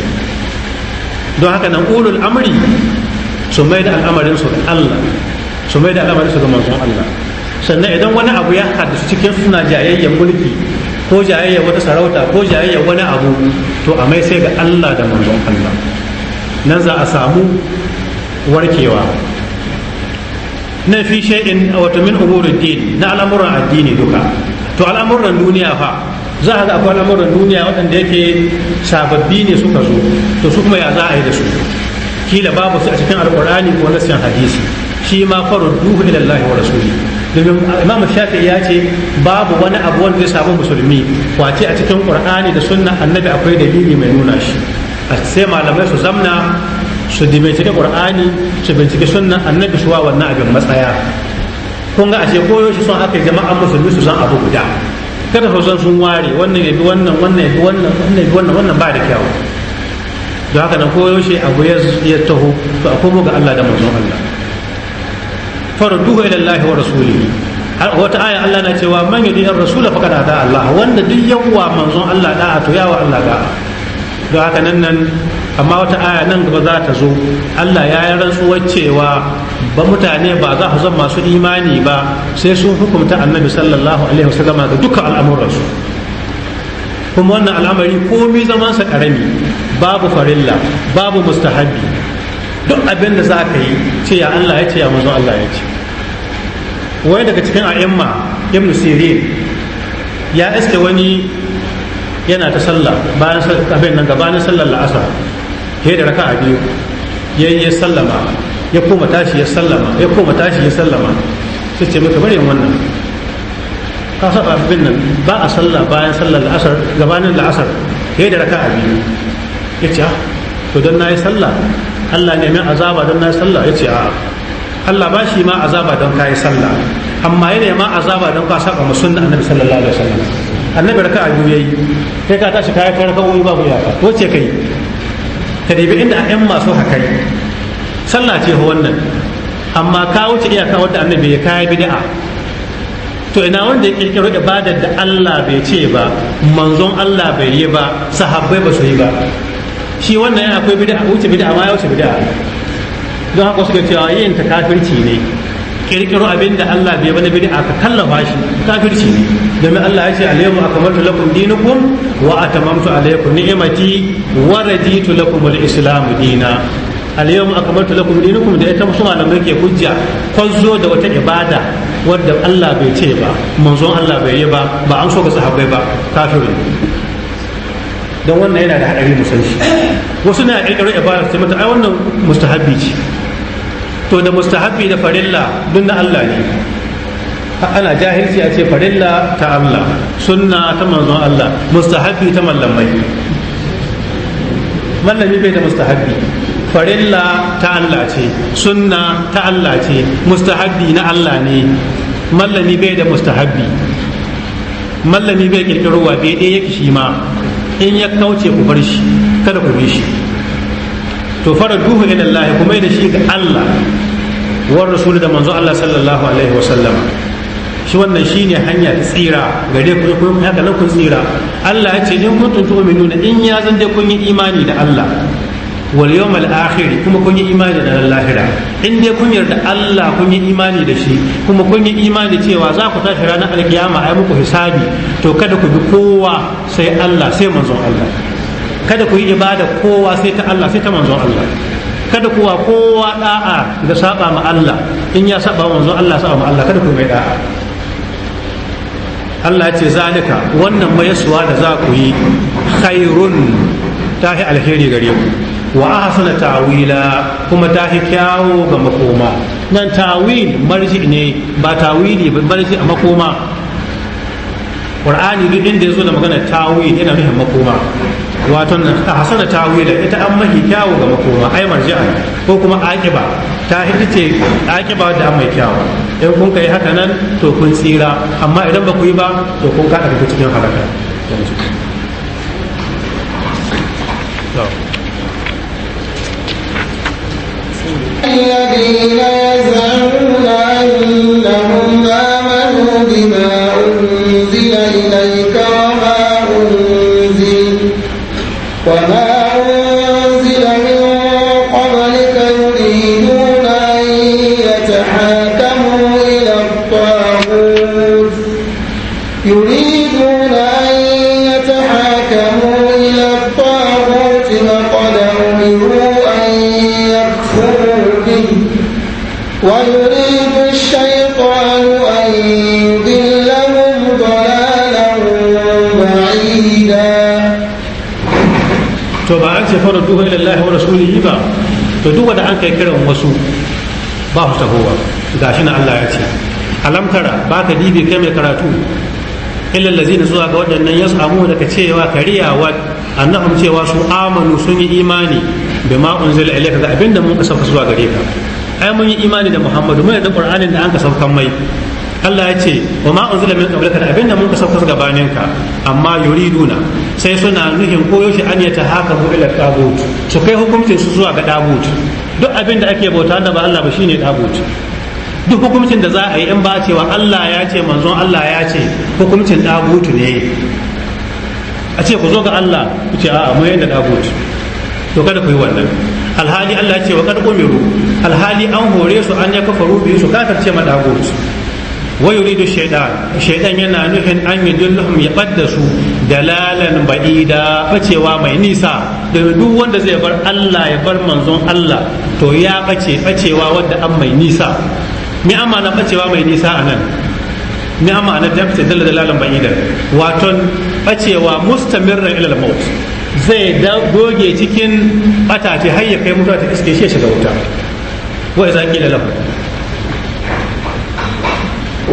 don haka nan ulul amri su mai da al'amarin su ga Allah su mai da al'amarin su ga manzo Allah sannan idan wani abu ya haddace cikin suna jayayyen mulki ko jayayyen wata sarauta ko jayayyen wani abu to a mai sai ga Allah da manzon Allah nan za a samu warkewa na fi shay'in wato min umuruddin na al'amuran addini duka to al'amuran duniya fa za a ga akwai al'amuran duniya waɗanda yake sababbi ne suka zo to su kuma ya za a yi da su kila babu su a cikin alkur'ani ko nasin hadisi shi ma faru duhu ila Allah wa rasuli domin imam shafi'i ya ce babu wani abu wanda ya samu musulmi kwace a cikin qur'ani da sunna annabi akwai dalili mai nuna shi sai malamai su zamna su bincike qur'ani su bincike sunnan annabi suwa wannan abin matsaya kun ga ashe koyo shi son haka jama'a musulmi su san abu guda kada su san sun ware wannan yabi wannan wannan yabi wannan wannan yabi wannan wannan ba da kyau don haka nan koyo shi abu ya taho to akwai ga Allah da manzon Allah farduhu ila Allah wa rasulihi wata aya Allah na cewa man yudi ar rasul faqad ata Allah wanda duk yawa manzon Allah da'a to yawa Allah ga don haka nan nan amma wata aya nan gaba za ta zo Allah ya yi rantsuwar cewa ba mutane ba za su zama masu imani ba sai sun hukumta annabi sallallahu alaihi wasallama ga dukkan al'amuransu kuma wannan al'amari komi zamansa karami babu farilla babu mustahabi duk abin da za ka yi ce ya Allah ya ce ya manzo Allah ya ce wai daga cikin a'imma ibn sirin ya iske wani yana ta sallah bayan abin nan gabanin sallar la'asar Ya da a biyu yi ya sallama ya koma tashi ya sallama ya koma tashi ya sallama su ce maka bari wannan kasar saba abin nan ba a sallah bayan sallar la'asar gabanin la'asar yi da a biyu ya ce ah, to don na yi sallah Allah ne mai azaba don na yi sallah ya ce a Allah ba shi ma azaba don ka yi sallah amma ne ma azaba don ka saba mu sunna annabi sallallahu alaihi wasallam annabi a biyu yi kai ka tashi kai ka raka'a babu ya ka ko ce kai kadibi inda a 'yan masu hakai sallah ce wannan amma ka wuce iyaka wadda annabi ya kaya bid'a to ina wanda ya kirkiro ibadar da Allah bai ce ba manzon Allah bai yi ba sahabbai ba su yi ba shi wannan yana akwai bid'a wuce bid'a ma ya wuce bid'a don haka suka cewa yin ta kafirci ne kirkiro abin da Allah bai bana bid'a ka kallafa shi kafirci domin Allah ya ce alayhi akmaltu lakum dinakum wa atamamtu alaykum ni'mati wa raditu lakum al-islam dina alayhi akmaltu lakum dinakum da ita musu malamai ke hujja kwazo da wata ibada wadda Allah bai ce ba manzon Allah bai yi ba ba an so ga sahabbai ba kafirin don wannan yana da haɗari musan shi wasu na ƙirƙirar ibada sai mata ai wannan mustahabbi ce to da mustahabi da farilla duk na Allah ne ana jahilci a ce farilla ta Allah sunna ta manzon Allah mustahabi ta mai, mallami bai da mustahabi farilla ta Allah ce sunna ta Allah ce mustahabi na Allah ne mallami bai da mustahabi, mallami bai kirkirowa bai ɗaya yake shi ma in ya kauce ku bar shi kada ku bi shi to faraduhu ila Allah kuma da shi ga Allah war rasul da manzo Allah sallallahu alaihi wa sallam shi wannan shine hanya ta tsira gare ku haka kun tsira Allah ya ce in kuntum tu'minuna in ya zan dai kun yi imani da Allah wal yawmal akhir kuma kun yi imani da lahira in dai kun yarda Allah kun yi imani da shi kuma kun yi imani cewa za ku tashi ranar alkiyama ai muku hisabi to kada ku bi kowa sai Allah sai manzon Allah kada ku yi ibada kowa sai ta Allah sai ta Allah kada kuwa kowa da'a ga saba ma Allah in ya saba manzon Allah saba ma Allah kada ku mai da'a Allah ce zalika wannan mayasuwa da za ku yi khairun tahi alheri gare ku wa ahsana ta'wila kuma tahi kyawo ga makoma nan tawil marji ne ba tawili ba marji a makoma qur'ani duk inda yazo da magana tawil yana nufin makoma wato a hasana wila ita an mahi kyawu ga makoma ai marji'a ko kuma aqiba ta ita ce akiba da an mai kyawu in kun kai haka nan to kun tsira amma idan ba ku yi ba to kun kada ku cikin halaka الذين يزعمون ce fara duhu ila Allah wa rasulihi ba to duk wanda an kai kiran wasu ba su tahowa gashi na Allah ya ce alam tara baka dibe kai mai karatu illa allazina zuwa ga waɗannan yasamu daga cewa wa annahum cewa su amanu sun yi imani ma unzila ilayka ga abinda mun ka sauka zuwa gare ka ai mun yi imani da Muhammadu mun da Qur'anin da an ka saukan mai Allah ya ce wa ma unzila min qablaka abinda mun ka sauka gabaninka amma yuriduna sai suna nuhin ko shi an ya haka bu ila tabut su kai hukuncin su zuwa ga tabut duk abinda ake bauta da ba Allah ba shine tabut duk hukuncin da za a yi in ba cewa Allah ya ce manzon Allah ya ce hukuncin tabut ne a ce ku zo ga Allah ku ce a'a mu yanda tabut to kada ku yi wannan alhali Allah ya ce wa kad umiru alhali an hore su an ya kafaru bi su kafirce ma tabut wa yuridu shaytan shaytan yana nufin an yudillahum ya badda su dalalan ba'ida bacewa mai nisa da duk wanda zai bar Allah ya bar manzon Allah to ya bace bacewa wanda an mai nisa Mi amma na bacewa mai nisa anan mi amma ana ta dala dalalan ba'idan waton bacewa mustamirran ilal maut zai da goge cikin batati har ya kai mutuwa ta iske shi shiga wuta wa iza qila lahu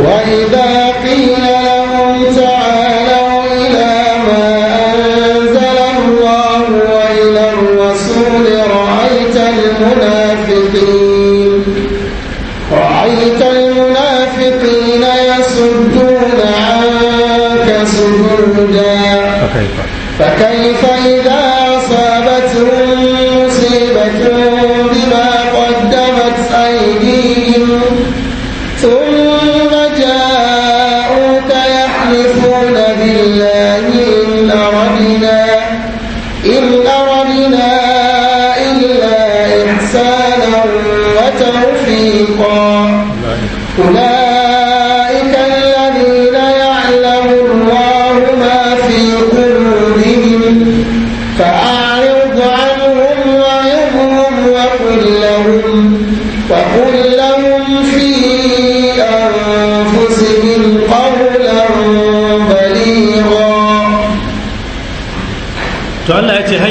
وإذا قيل لهم تعالوا إلى ما أنزل الله وإلى الرسول رأيت المنافقين رأيت المنافقين يصدون عنك سجودا فكيف إذا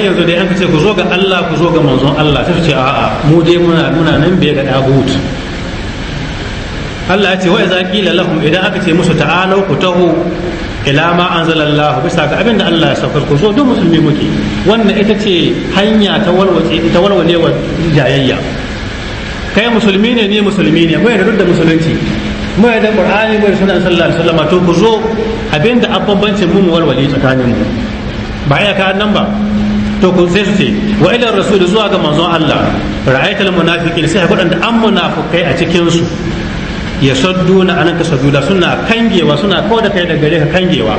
yanzu dai an ce ku zo ga Allah ku zo ga manzon Allah sai su ce a'a mu dai muna muna nan bai ga dagut Allah ya ce wa idza qila lahum idan aka ce musu ta'alu ku taho ila ma anzalallahu bisa ga abin da Allah ya saukar ku zo duk musulmi muke wannan ita ce hanya ta walwace ta walwalewa jayayya kai musulmi ne ni musulmi ne mai da da musulunci mai da qur'ani mai sunan sallallahu alaihi wasallam to ku zo abinda abban bancin mu walwale tsakanin mu ba ya ka nan ba to ku tsirce wa ila rasul zuwa ga manzon Allah ra'aytal munafiqin sai ga an munafukai a cikin su ya sadduna anan ka sadula suna kangewa suna kawai da kai da gare ka kangewa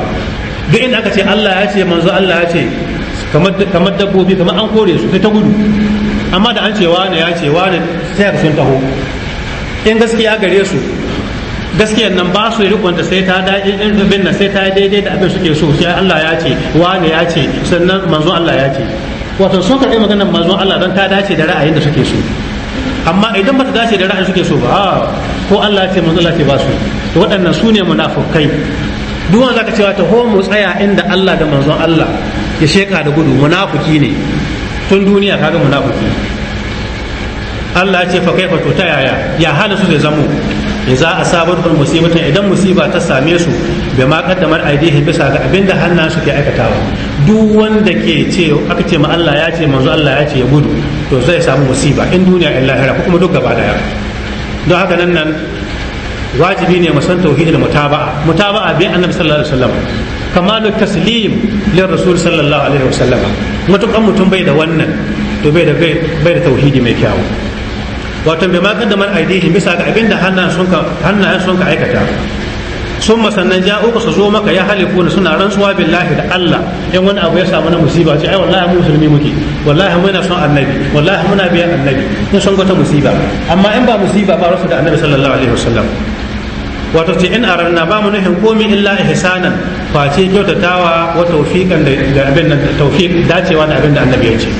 duk inda aka ce Allah ya ce manzon Allah ya ce kamar dabbobi kamar an kore su sai ta gudu amma da an ce wane ya ce wane sai ka sun taho in gaskiya gare su gaskiyar nan ba su rikon sai ta daidai in sai ta daidai da abin suke so sai Allah ya ce wane ya ce sannan manzo Allah ya ce wato sun karɓi maganar manzo Allah don ta dace da ra'ayin da suke so amma idan ba ta dace da ra'ayin suke so ba ah, ko Allah ya ce manzo Allah ce ba su waɗannan su ne munafukai duk wanda zaka cewa ta mu tsaya inda Allah da manzon Allah ya sheka da gudu munafuki ne tun duniya kaga munafuki Allah ya ce fa fa to ta yaya ya halin su zai zamo sabar asabatuhum musibatan idan musiba ta same su bai ma kaddamar aidihim bisa ga da hannan su ke aikatawa duk wanda ke ce aka ce ma Allah ya ce manzo Allah ya ce ya gudu to zai samu musiba in duniya in lahira ko kuma duk gaba daya don haka nan nan wajibi ne musan tauhidul mutaba'a mutaba'a bi annabi sallallahu alaihi wasallam kamalu taslim lir rasul sallallahu alaihi wasallam mutukan mutum bai da wannan to bai da bai da tauhidi mai kyau wato bai ma kaddamar aidihi bisa ga abin da hannayen sun ka aikata sun masannan ja uku su zo maka ya halifu na suna rantsuwa billahi da Allah in wani abu ya samu na musiba ce ai wallahi mu musulmi muke wallahi muna son annabi wallahi muna biyan annabi in sun gwata musiba amma in ba musiba ba rasu da annabi sallallahu alaihi wasallam wato ce in aranna ba mu nufin komi illa ihsanan face kyautatawa wa tawfiqan da abin da tawfiq dacewa da abin da annabi ya ce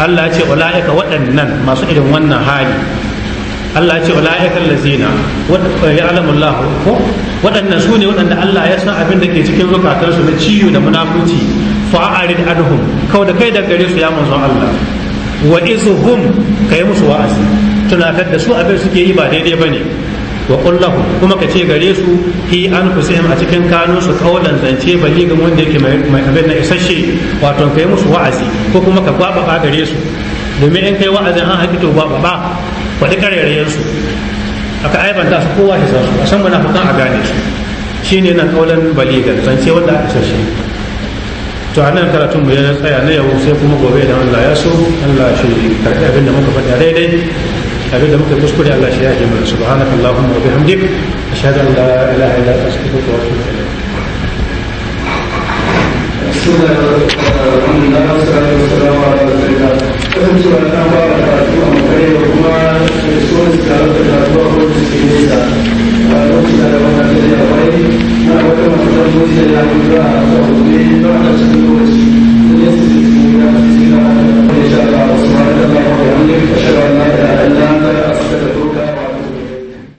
Allah ya ce ula'ika waɗannan masu irin wannan hali Allah ya ce ya' lazina Lahu? ko waɗannan su ne waɗanda Allah ya san abin da ke cikin zukatansu na ciwo da munafuci fa'arid adhum kawai da kai da gare su ya manzo Allah wa izhum kai musu wa'azi tunatar da su abin suke yi ba daidai bane wa kullahu kuma ka ce gare su hi an kusihim a cikin kanu su kaulan zance ga wanda yake mai abin na isasshe wato kai musu wa'azi ko kuma ka kwaba ba gare su domin in kai wa'azin an haƙi ba ba ba faɗi ƙarairayen su aka aibanta su kowa a san munafukan a gane su shine nan kaulan ga zance wanda aka isasshe to anan karatun mu ya tsaya na yau sai kuma gobe da Allah ya so Allah shi karɓi abin da muka faɗa daidai هذا ممكن تشكر على اشياء جميله سبحانك اللهم وبحمدك اشهد ان لا اله الا انت استغفرك واتوب اليك. بسم الله الرحمن الرحيم والصلاه والسلام على رسول الله.